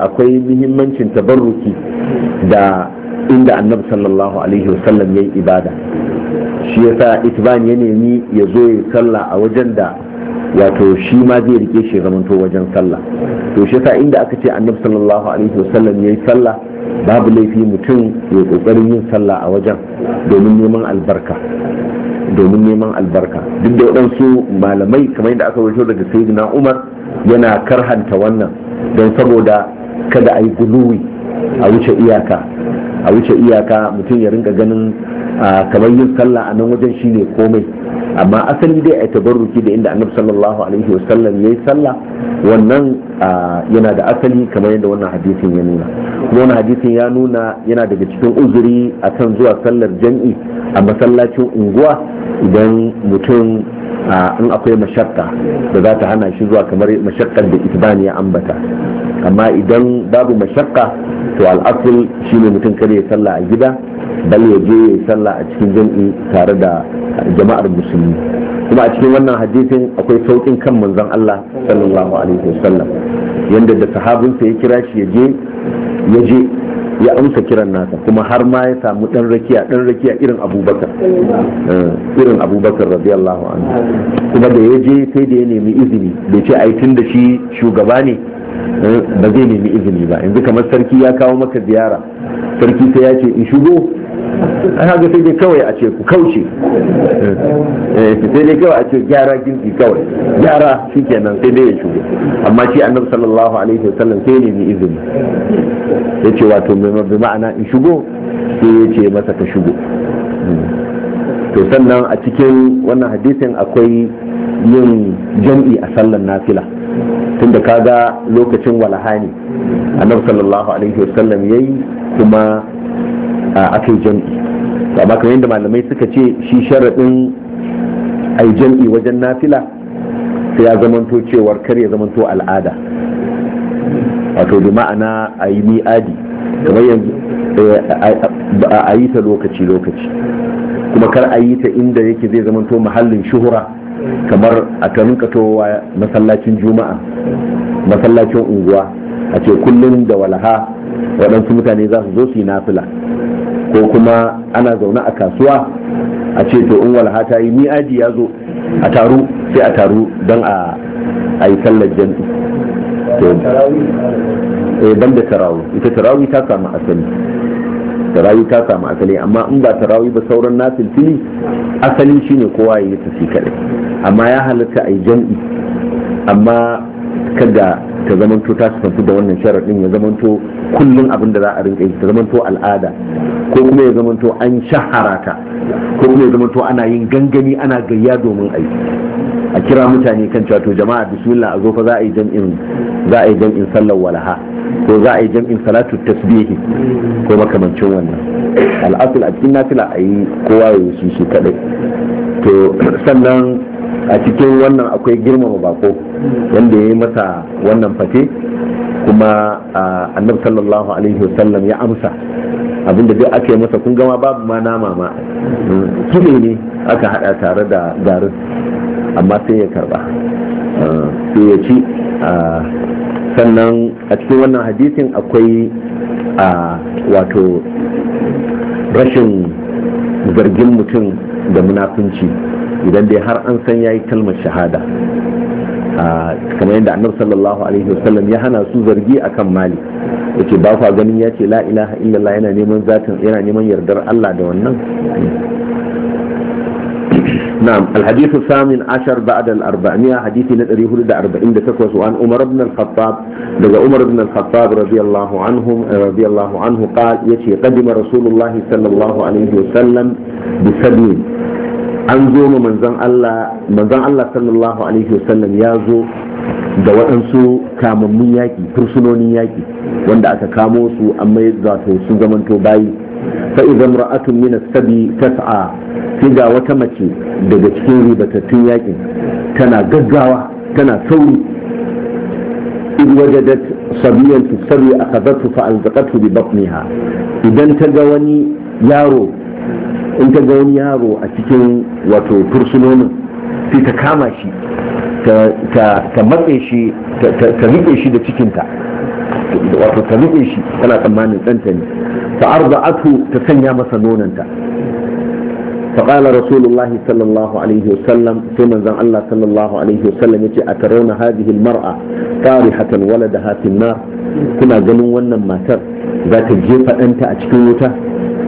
akwai muhimmancin tabarruki da inda annabi sallallahu alaihi wasallam yayi ibada shi yasa itban ya nemi ya zo ya sallah a wajen da wato shi ma zai rike shi zamanto wajen sallah to shi sa inda aka ce annabi sallallahu alaihi wasallam yayi sallah babu laifi mutum ya kokarin yin sallah a wajen domin neman albarka domin neman albarka duk da waɗansu malamai kamar yadda aka wato daga sayyidina umar yana karhanta wannan don saboda kada a yi guluwi a wuce iyaka a wuce iyaka mutum ya rinka ganin ah, kamar yin sallah a nan wajen shine komai amma asali dai a tabarruki da inda annabi sallallahu alaihi wasallam ya yi sallah wannan yana da asali kamar yadda wannan hadisin ya nuna kuma wannan hadisin ya nuna yana daga cikin uzuri akan zuwa sallar jami'i a masallacin unguwa idan mutum in akwai mashakka da za ta hana shi zuwa kamar mashakkar da itibani ya ambata amma idan babu mashakka to shi ne mutum kare ya sallah a gida bal ya je ya sallah a cikin jam'i tare da jama'ar musulmi kuma a cikin wannan hadisin akwai saukin kan manzon Allah sallallahu alaihi wasallam yanda da sahabinsa ya kira shi ya je ya je ya amsa kiran nasa kuma har ma ya samu dan rakiya dan rakiya irin abubakar eh, irin abubakar radiyallahu anhu kuma da ya je sai da ya nemi izini bai ce ai tun da shi shugaba ne eh, ba zai nemi izini ba yanzu kamar sarki ya kawo maka ziyara sarki sai ya ce in shigo an haka sai dai kawai a ce ku kauce eh, sai dai kawai a ce gyara girki kawai gyara shi kenan sai dai ya shigo amma shi annabi sallallahu alaihi wasallam sai ne ni izini ya ce wato bi ma'ana in shigo sai ya ce masa ka shigo to sannan a cikin wannan hadisin akwai yin jam'i a sallar nafila tunda kaga lokacin walaha ne annabi sallallahu alaihi wasallam yayi kuma aka yi jam'i amma kamar yadda malamai suka ce shi sharaɗin a yi jam'i wajen nafila sai ya zamanto cewar kar ya zamanto al'ada wato da ma'ana a yi mi'adi kamar yanzu eh, a yi ta lokaci-lokaci kuma kar a yi ta inda yake zai zamanto mahallin shuhura kamar a ta towa masallacin juma'a masallacin unguwa a ce kullum da walaha waɗansu mutane za su zo su yi nafila ko kuma ana zaune a kasuwa a ce to in walha ta yi mi'aji ya zo a taru sai a taru don a yi sallar jam'i eh ban da tarawi ita tarawi ta samu asali tarawi ta samu asali amma in ba tarawi ba sauran na fili asali shine kowa ya yi tafi kadai amma ya halatta a yi jam'i amma kada ta zamanto ta sifantu da wannan sharaɗin ya zamanto kullum abin da za a rinka yi ta zamanto al'ada ko kuma ya zamanto an shahara ta ko kuma ya zamanto ana yin gangami ana gayya domin aiki a kira mutane kan cewa to jama'a bismillah a zo fa za a yi jam'in za a yi jam'in sallar walaha ko za a yi jam'in salatu tasbihi ko makamancin wannan al'asul a cikin nafila a yi kowa ya yi shi kadai to sannan a cikin wannan akwai girmama bako wanda ya yi masa wannan fate kuma a annabi sallallahu alaihi wasallam ya amsa abinda duk aka yi masa kun gama babu ma nama ma kine ne aka hada tare da garin amma sai ya karba sai ya ci sannan a cikin wannan hadisin akwai wato rashin zargin mutum da munafunci idan dai har an san yayi kalmar shahada kamar yadda annabi sallallahu alaihi wasallam ya hana su zargi akan mali yace ba fa ganin yace la ilaha illallah yana neman zatin yana neman yardar Allah da wannan نعم الحديث الثامن عشر بعد الأربعمائة حديث ندري هلد أربعين دتكوس عن عمر بن الخطاب لقى عمر بن الخطاب رضي الله عنه رضي الله عنه قال يتي قدم رسول الله صلى الله عليه وسلم بسبيل an zo ma manzon Allah manzon Allah sallallahu alaihi wasallam ya zo da waɗansu kamammun yaƙi fursunonin yaƙi wanda aka kamo su amma zato su zamanto bayi fa idan ra'atun min as-sabi tas'a sai ga wata mace daga cikin ribatattun yaƙin tana gaggawa tana sauri in wajadat sabiyan tusabi sabi fa alzaqathu bi batniha idan ta ga wani yaro in ka ga wani yaro a cikin wato fursunonin sai ta kama shi ta matse shi ta riƙe shi da cikinta wato ta riƙe shi tana tsammanin tsantani ta arza ta sanya masa nonanta ta ƙala rasulullahi sallallahu alaihi wasallam sai manzan allah sallallahu alaihi wasallam ya ce a tarauna hajihin mar'a tsari hatan wala da hafin kuna ganin wannan matar za ta je faɗanta a cikin wuta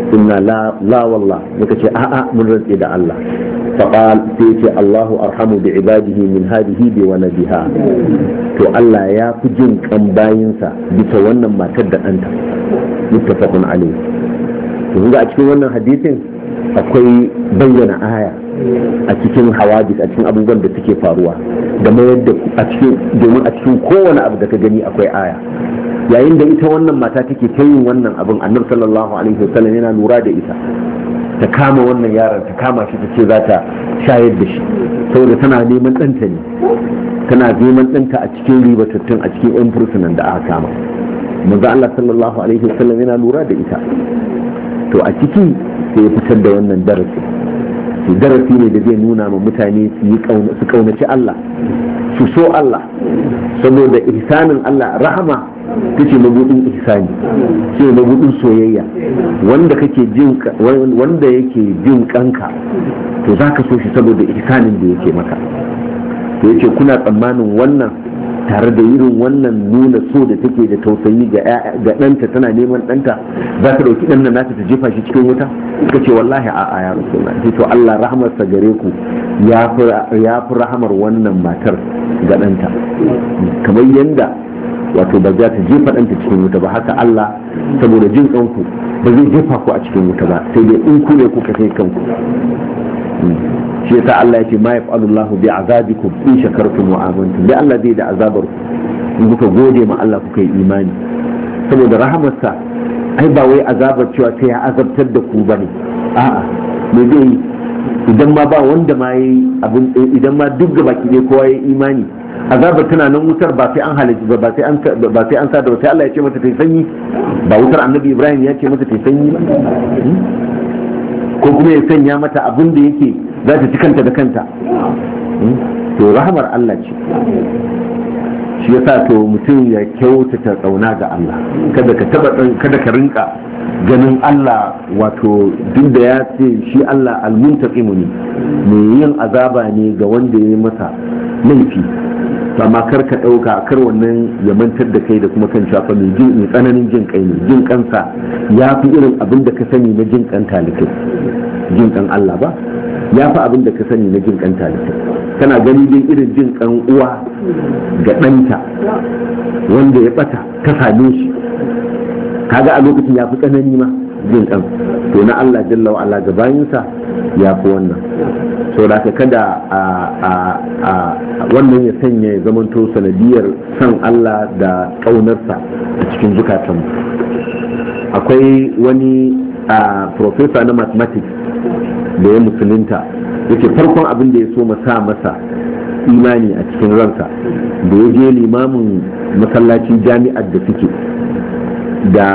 kunna la wallah muka ce a'a mun rantsi da Allah faqal sai ce Allahu arhamu bi ibadihi min hadihi bi wa nabiha to Allah ya fi jin kan bayinsa bisa wannan matar da ɗanta muttafaqun alayhi to ga a cikin wannan hadisin akwai bayyana aya a cikin hawadis a cikin abubuwan da suke faruwa da mayar a cikin domin a cikin kowane abu da ka gani akwai aya yayin da ita wannan mata take ta yin wannan abin annabi sallallahu alaihi wasallam yana lura da ita ta kama wannan yaron ta kama shi ta ce za ta shayar da shi saboda tana neman ɗanta ne tana neman ɗanta a cikin ribatattun a cikin 'yan fursunan da aka kama manzo Allah sallallahu alaihi wasallam yana lura da ita to a ciki sai ya fitar da wannan darasi shi darasi ne da zai nuna ma mutane su yi su kaunaci Allah su so Allah saboda ihsanin Allah rahama kake mabudin ihsani ce mabudin soyayya wanda kake jin wanda yake jin kanka to zaka so shi saboda ihsanin da yake maka to yace kuna tsammanin wannan tare da irin wannan nuna so da take da tausayi ga ɗanta tana neman ɗanta za ka ɗauki ɗan nan nata ta jefa shi cikin wuta ka ce wallahi a'a ya rasulullah sai to Allah sa gare ku ya fi rahamar wannan matar ga ɗanta kamar yanda wato ba za ta jefa ɗanta cikin wuta ba haka Allah saboda jin ɗanku ba zai jefa ku a cikin wuta ba sai dai in ku ne kuka kai kanku shi yasa Allah yake ma yaf'alu Allah bi azabikum in shakartum wa amantum dai Allah zai da azabar ku in kuka gode ma Allah kuka yi imani saboda rahamarsa ai ba wai azabar cewa sai ya azabtar da ku bane a'a me zai yi idan ma ba wanda ma yayi abin idan ma duk gaba ki ne kowa ya imani azabar tana nan wutar ba sai an halitta ba sai an ba sai an sada sai Allah ya ce mata tai sanyi ba wutar annabi Ibrahim ya ce mata tai sanyi ba hmm? ko kuma ya sanya mata abin da yake za ta ci kanta da kanta hmm? to rahamar Allah ce shi yasa to mutum ya kyautata tsauna ga Allah kada ka taba kada ka rinka ganin Allah wato duk da ya ce shi Allah almuntaqimu ne mai yin azaba ne ga wanda ya yi masa laifi amma kar ka ɗauka kar wannan ya mantar da kai da kuma kan shafa mai jin mai tsananin jin kai ne jin kansa ya fi irin abin da ka sani na jin kan talikai jin kan Allah ba ya fi abin da ka sani na jin kan talikai kana gani din irin jin kan uwa ga ɗanta wanda ya bata ta same shi kaga a lokacin ya fi tsanani ma jin kan to na Allah jalla wa ala gabayinsa ya fi wannan So da ka kada a wannan ya sanya ya zamanto sanadiyar san Allah da ƙaunarsa a cikin zukatan akwai wani profesa na mathematics da ya musulunta yake farkon abin da ya so masa masa imani a cikin ransa da ya je limamin masallacin jami'ar da suke da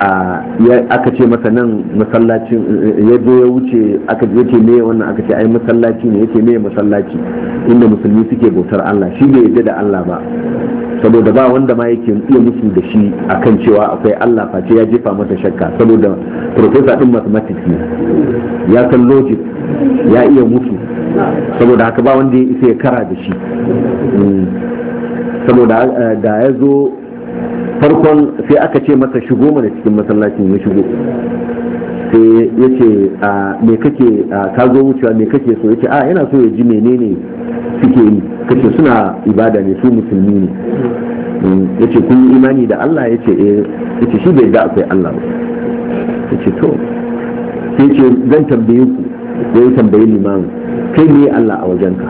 aka ce masa nan masallacin ya zo ya wuce aka ce yake me wannan aka ce ai masallaci ne yake me masallaci inda musulmi suke bautar Allah shi bai yarda da Allah ba saboda ba wanda ma yake iya musu da shi akan cewa akwai Allah face ya jefa masa shakka saboda professor din mathematics ne ya san logic ya iya mutu saboda haka ba wanda ya isa ya kara da shi hmm. saboda eh, da ya zo farkon sai aka ce masa shigo mana cikin masallacin ya shigo sai ya ce me kake ka zo wucewa me kake so ya ce a yana so ya ji menene suke yi kace suna ibada ne su musulmi ne ya ce kun yi imani da Allah ya ce eh. ya ce shi bai da akwai Allah ba ya ce to sai ce zan tambaye ku ya yi ni limamin kai ne Allah a wajenka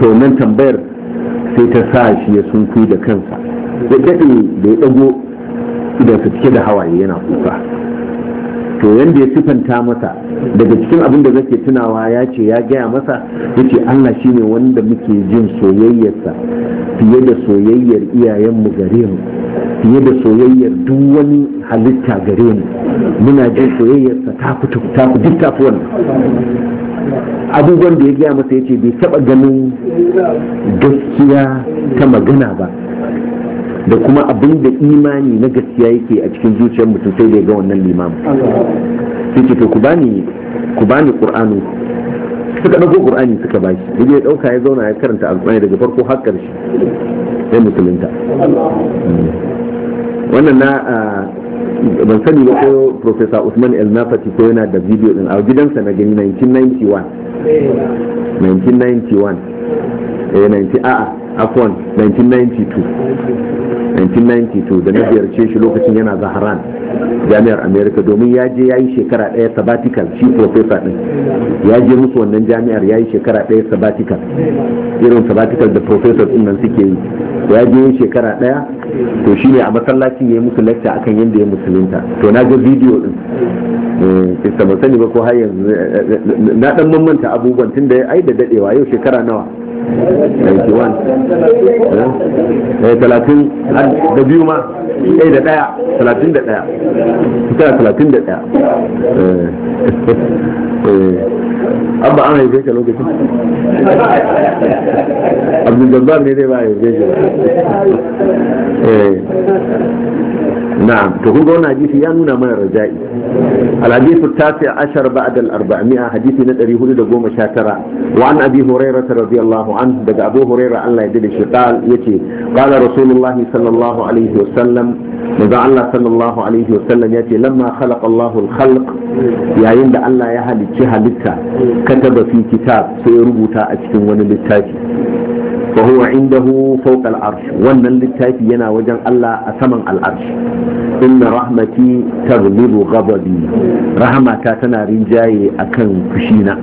to nan tambayar sai ta sa shi ya sunkuyi da kansa ya daɗe da ya ɗago su cike da hawaye yana kuka to yanda ya sifanta masa daga cikin abin da zake tunawa ya ce ya gaya masa ya ce Allah shi ne wanda muke jin soyayyarsa fiye da soyayyar iyayenmu gare mu fiye da soyayyar duk wani halitta gare mu muna jin soyayyarsa ta fito ta ku tafi wannan abubuwan da ya gaya masa ya ce bai taɓa ganin gaskiya ta magana ba da kuma abin da imani na gaskiya yake a cikin zuciyar mutum sai dai ga wannan limamu sai ce to ku bani ku bani qur'ani suka dauko qur'ani suka bashi yaje ya dauka ya zauna ya karanta alqur'ani daga farko har karshe sai musulunta wannan na ban sani ba ko professor Usman El Nafati ko yana da video din a gidansa na gani 1991 1991 eh 90 a'a akon 1992 1992 da na ziyarce shi lokacin yana zaharan jami'ar america domin ya je ya yi shekara ɗaya sabatikal shi profesa ɗin ya je musu wannan jami'ar ya yi shekara ɗaya sabatikal irin sabatikal da professor din nan suke yi ya je shekara ɗaya to shine a masallacin ya yi musu lecture akan yadda ya musulunta to na ga bidiyo din ta eh, ba sani ba ko har yanzu eh, eh, na dan mamanta abubuwan tun da ai da dadewa yau shekara nawa 91 har da biyu ma ɗaya da ɗaya talatin da ɗaya shekara talatin da ɗaya eh. eh. ba an haife ka lokacin abdul jabbar ne dai ba haife shi ba eh. na'am to kun ga wannan ya nuna mana raja'i al-hadithu tasi ashar ba'da al-arba'mi'a hadisi na 419 wa an abi hurairah radiyallahu anhu daga abu hurairah Allah ya ce shi qal yace sallallahu alaihi wa sallam manzo Allah sallallahu alaihi wa sallam yace lamma khalaqa Allahu al yayin da Allah ya halicci halitta kataba fi kitab sai ya rubuta a cikin wani littafi fa huwa indahu fawqa al wannan littafi yana wajen Allah a saman al-arsh inna rahmati taghlibu ghadabi rahmata tana rinjaye akan fushina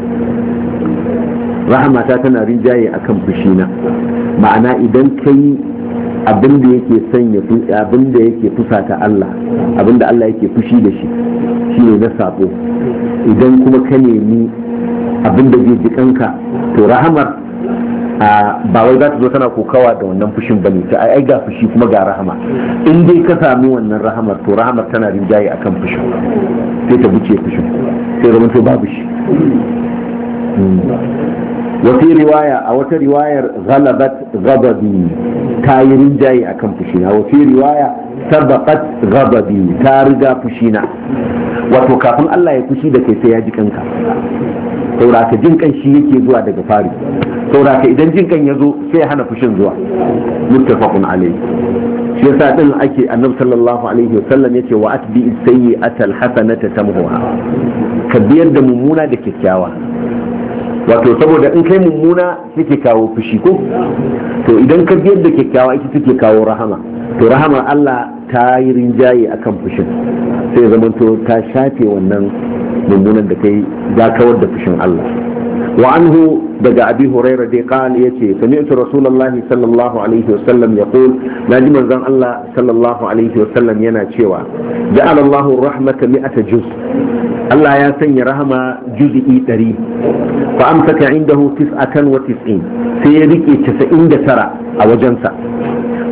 rahmata tana rinjaye akan fushina ma'ana idan kai abin yake sanya abin fusata Allah abin Allah yake fushi da shi shine na sabo idan kuma ka nemi abin da zai to rahmar. ba wai za ta zo tana kokawa da wannan fushin ba ne sai ai ga fushi kuma ga rahama in dai ka sami wannan rahamar to rahamar tana rinjaye akan fushin sai ta buce fushin sai zama to babu shi hmm. wata riwaya a wata riwayar ghalabat ghadabi ta yi rinjaye akan fushina wata riwaya sabaqat ghadabi ta riga fushina wato kafin Allah ya fushi da kai sai ya ji kanka saboda ka jin kan shi yake zuwa daga fari saboda idan jin kan ya zo sai hana fushin zuwa muttafaqun alayhi shi yasa din ake annabi sallallahu alaihi wa sallam yace wa atbi sayyi'ata alhasanata tamhuha ka biyar da mummuna da kyakkyawa wato saboda in kai mummuna take kawo fushi ko to idan ka biyar da kyakkyawa ita take kawo rahama to rahama Allah ta yi rinjaye akan fushin sai zamanto ta shafe wannan mummunan da kai ya kawar da fushin Allah وعنه دقى أبي هريرة دي قال يتي سمعت رسول الله صلى الله عليه وسلم يقول ناجم زن الله صلى الله عليه وسلم ينا تشيوا جعل الله الرحمة مئة جزء الله يا سن رحمة جزئي تري فأمسك عنده تسعة وتسعين سيريكي تسعين ترى أو جنسة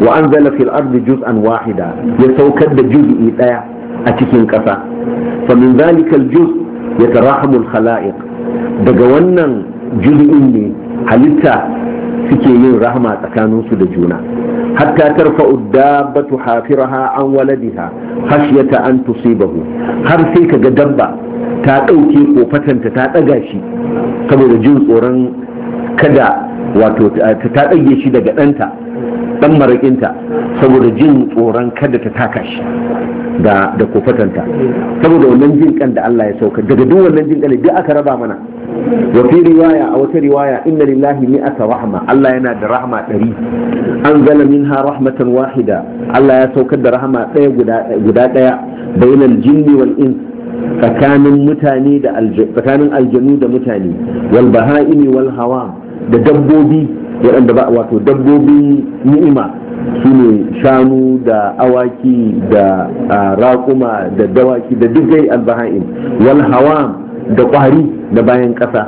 وأنزل في الأرض جزءا واحدا يسوكد جزئي تايا أتكين كفا فمن ذلك الجزء ya tarahumul khala'iq daga wannan juli'in ne halitta suke yin rahama tsakanin su da juna hatta tarfa'u dabbatu hafiraha an waladiha khashyata an tusibahu har sai kaga dabba ta dauke kofatanta ta daga shi saboda jin tsoron kada wato ta ɗage shi daga danta. dan marakinta saboda jin tsoron kada ta taka shi da da kofatanta saboda wannan jin kan da Allah ya sauka daga duk wannan jin kan duk aka raba mana wa fi riwaya a wata riwaya inna lillahi mi'ata rahma Allah yana da rahma ɗari anzala minha rahmatan wahida Allah ya saukar da rahma ɗaya guda ɗaya bainal jinni wal in tsakanin mutane da tsakanin aljanu da mutane wal baha'imi wal hawa da dabbobi waɗanda ba wato dabbobi ni'ima su ne shanu da awaki da raƙuma da dawaki da dukkan albaha'in wal hawam da ƙwari da bayan ƙasa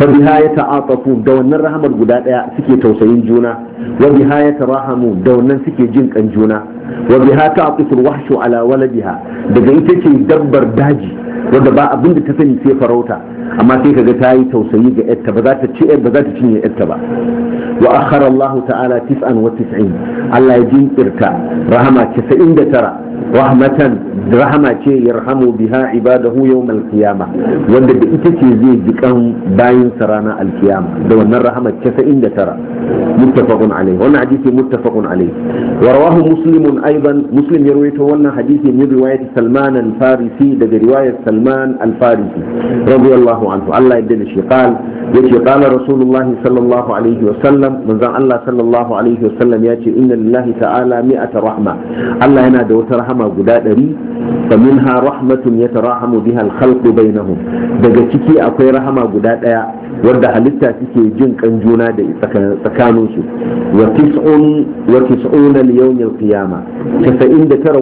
fabiha ya ta'atafu da wannan rahamar guda ɗaya suke tausayin juna wabi biha ya tarahamu da wannan suke jin kan juna ta a ta'atifu wahshu ala waladiha daga ita ce dabbar daji wadda ba abin ta sani sai farauta amma sai kaga ta yi tausayi ga yarta ba za ta ci ba za ta cinye yarta ba wa akhara Allah ta'ala 99 Allah ya jinkirta rahama 99 rahmatan rahama ce yarhamu biha ibadahu yawmal qiyama wanda da ita ce zai jikan bayin sa ranar alkiyama da wannan rahama 99 muttafaqun alayhi wannan hadisi muttafaqun alayhi wa rawahu muslimun aidan muslim ya rawaito wannan hadisi min riwayat Salman al-Farisi daga riwayat Salman al-Farisi radiyallahu الله عنه الله يدل شي قال يجي قال رسول الله صلى الله عليه وسلم من ذا الله صلى الله عليه وسلم ياتي إن لله تعالى مئة رحمة الله ينادى وترحمة قداء دري فمنها رحمة يتراحم بها الخلق بينهم daga ciki akwai rahama guda ɗaya wanda halitta suke jin kan juna da tsakaninsu wa tis'un wa tis'una liyawm al-qiyama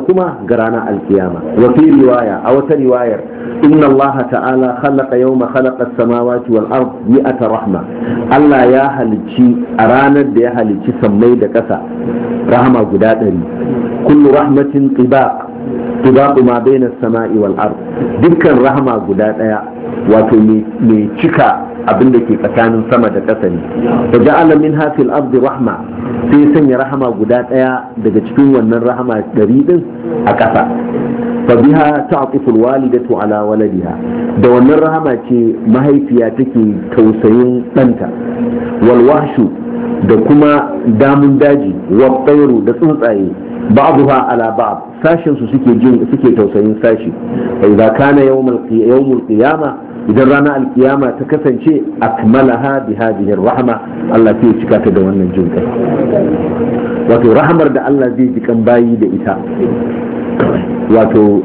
kuma ga ranar al-qiyama riwaya a wata riwayar inna ta'ala khalaqa yawm yawma khalaqa as-samawati wal ard mi'ata rahma Allah ya halici a ranar da ya halici sammai da ƙasa rahama guda ɗari kullu rahmatin tibaq tibaqu samai ɗaya wato mai cika abin da ke tsakanin sama da ƙasa ne da ja'ala min hafil abdi rahma sai ya sanya rahama guda ɗaya daga cikin wannan rahama ɗari ɗin a ƙasa fa biha ta'tifu alwalidatu ala waladiha da wannan rahama ce mahaifiya take tausayin ɗanta walwashu da kuma damun daji wa da tsuntsaye ba'dha ala ba'd sashin su suke jin suke tausayin sashi fa idza kana yawmul qiyama idan rana alkiyama ta kasance akmalaha bi hadhihi rahma Allah sai ya cika ta da wannan jin kai wato rahamar da Allah zai ji kan bayi da ita wato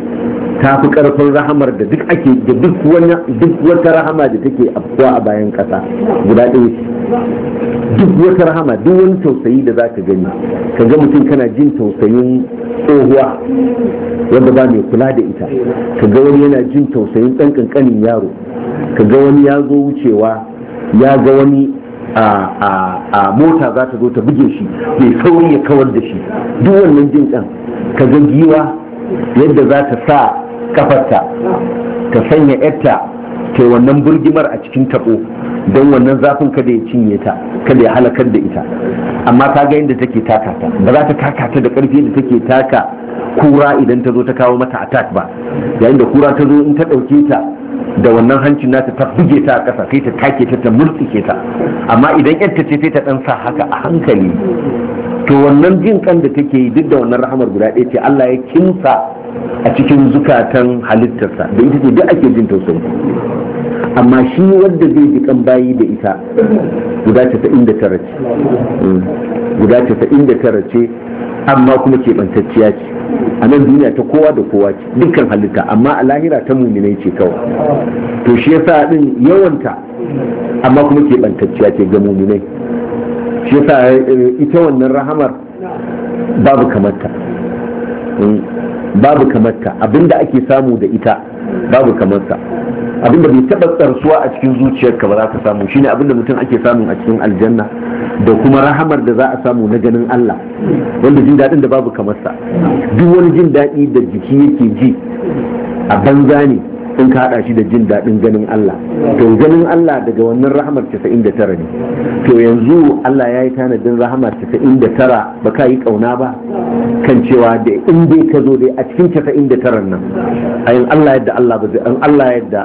ta fi karfin rahamar da duk ake da duk wani duk wata rahama da take afkuwa a bayan kasa guda ɗaya duk wata rahama duk wani tausayi da za ka gani ka ga mutum kana jin tausayin tsohuwa wanda ba mai kula da ita ka ga wani yana jin tausayin ɗan ƙanƙanin yaro ka ga wani ya zo wucewa ya ga wani a mota za ta zo ta buge shi mai sauri ya kawar da shi duk wannan jin kan ka ga giwa yadda za ta sa kafarta ta sanya yarta ta wannan burgimar a cikin taɓo, don wannan zafin kada ya cinye ta kada ya halakar da ita amma ta ga yadda take taka ta ba za ta taka ta da karfi da take taka kura idan ta zo ta kawo mata attack ba yayin da kura ta zo in ta ɗauke ta da wannan hancin nata ta buge ta a ƙasa sai ta take ta ta murtsike ta amma idan yanta ce sai ta ɗan sa haka a hankali to wannan jin kan da take yi duk da wannan rahamar guda ɗaya ce Allah ya kinsa a cikin zukatan halittarsa da ita ce duk ake jin tausayi amma shi wanda zai ji kan bayi da ita guda casa'in da tara ce mm. amma kuma keɓantacciya ce a nan duniya ta kowa da kowa ce dukkan halitta amma a lahira ta muminai ce kawai to shi yasa din yawanta amma kuma ke bantacciya ce ga muminai shi yasa eh, ita wannan rahamar babu kamarta hmm, babu kamarta abinda ake samu da ita babu kamarta abinda bai taba tsarsuwa a cikin zuciyarka ba za ka samu shine abinda mutum ake samu a cikin aljanna da kuma rahamar da za a samu na ganin Allah wanda jin daɗin da babu kamar sa duk wani jin daɗi da jiki yake ji a banza ne sun ka haɗa shi da jin daɗin ganin Allah to ganin Allah daga wannan rahamar 99 ne to yanzu Allah ya yi tanadin rahamar 99 ba ka yi ƙauna ba kan cewa da in dai ka zo dai a cikin 99 nan ayin Allah yadda Allah ba zai an Allah yadda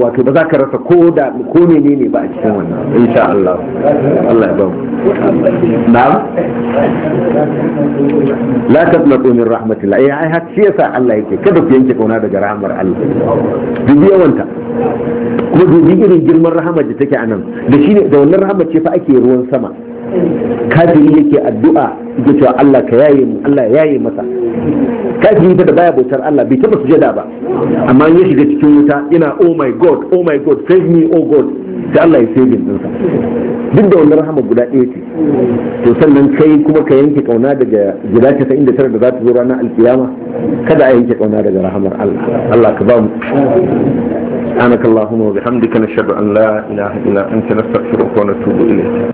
wato ba za ka rasa ko da ko menene ba a cikin wannan insha Allah Allah ya ba mu na'am la taqnatu min rahmatillah eh ai har shi yasa Allah yake kada ku yanke kauna daga rahmar Allah dubi yawanta kuma dubi irin girman rahmar da take nan da shine da wannan rahmar ce fa ake ruwan sama kafiri yake addu'a yake cewa Allah ka yaye mu Allah ya yaye masa kafiri fa da baya bautar Allah bai taba sujada ba amma ya shiga cikin wuta ina oh my god oh my god save me oh god sai Allah ya save din sa duk da wannan rahama guda ɗaya ce to sannan kai kuma ka yanke kauna daga gida 99 da za ta zo ranar alkiyama kada a yanke kauna daga rahamar Allah Allah ka ba mu سبحانك اللهم وبحمدك نشهد ان لا اله الا انت نستغفرك ونتوب اليك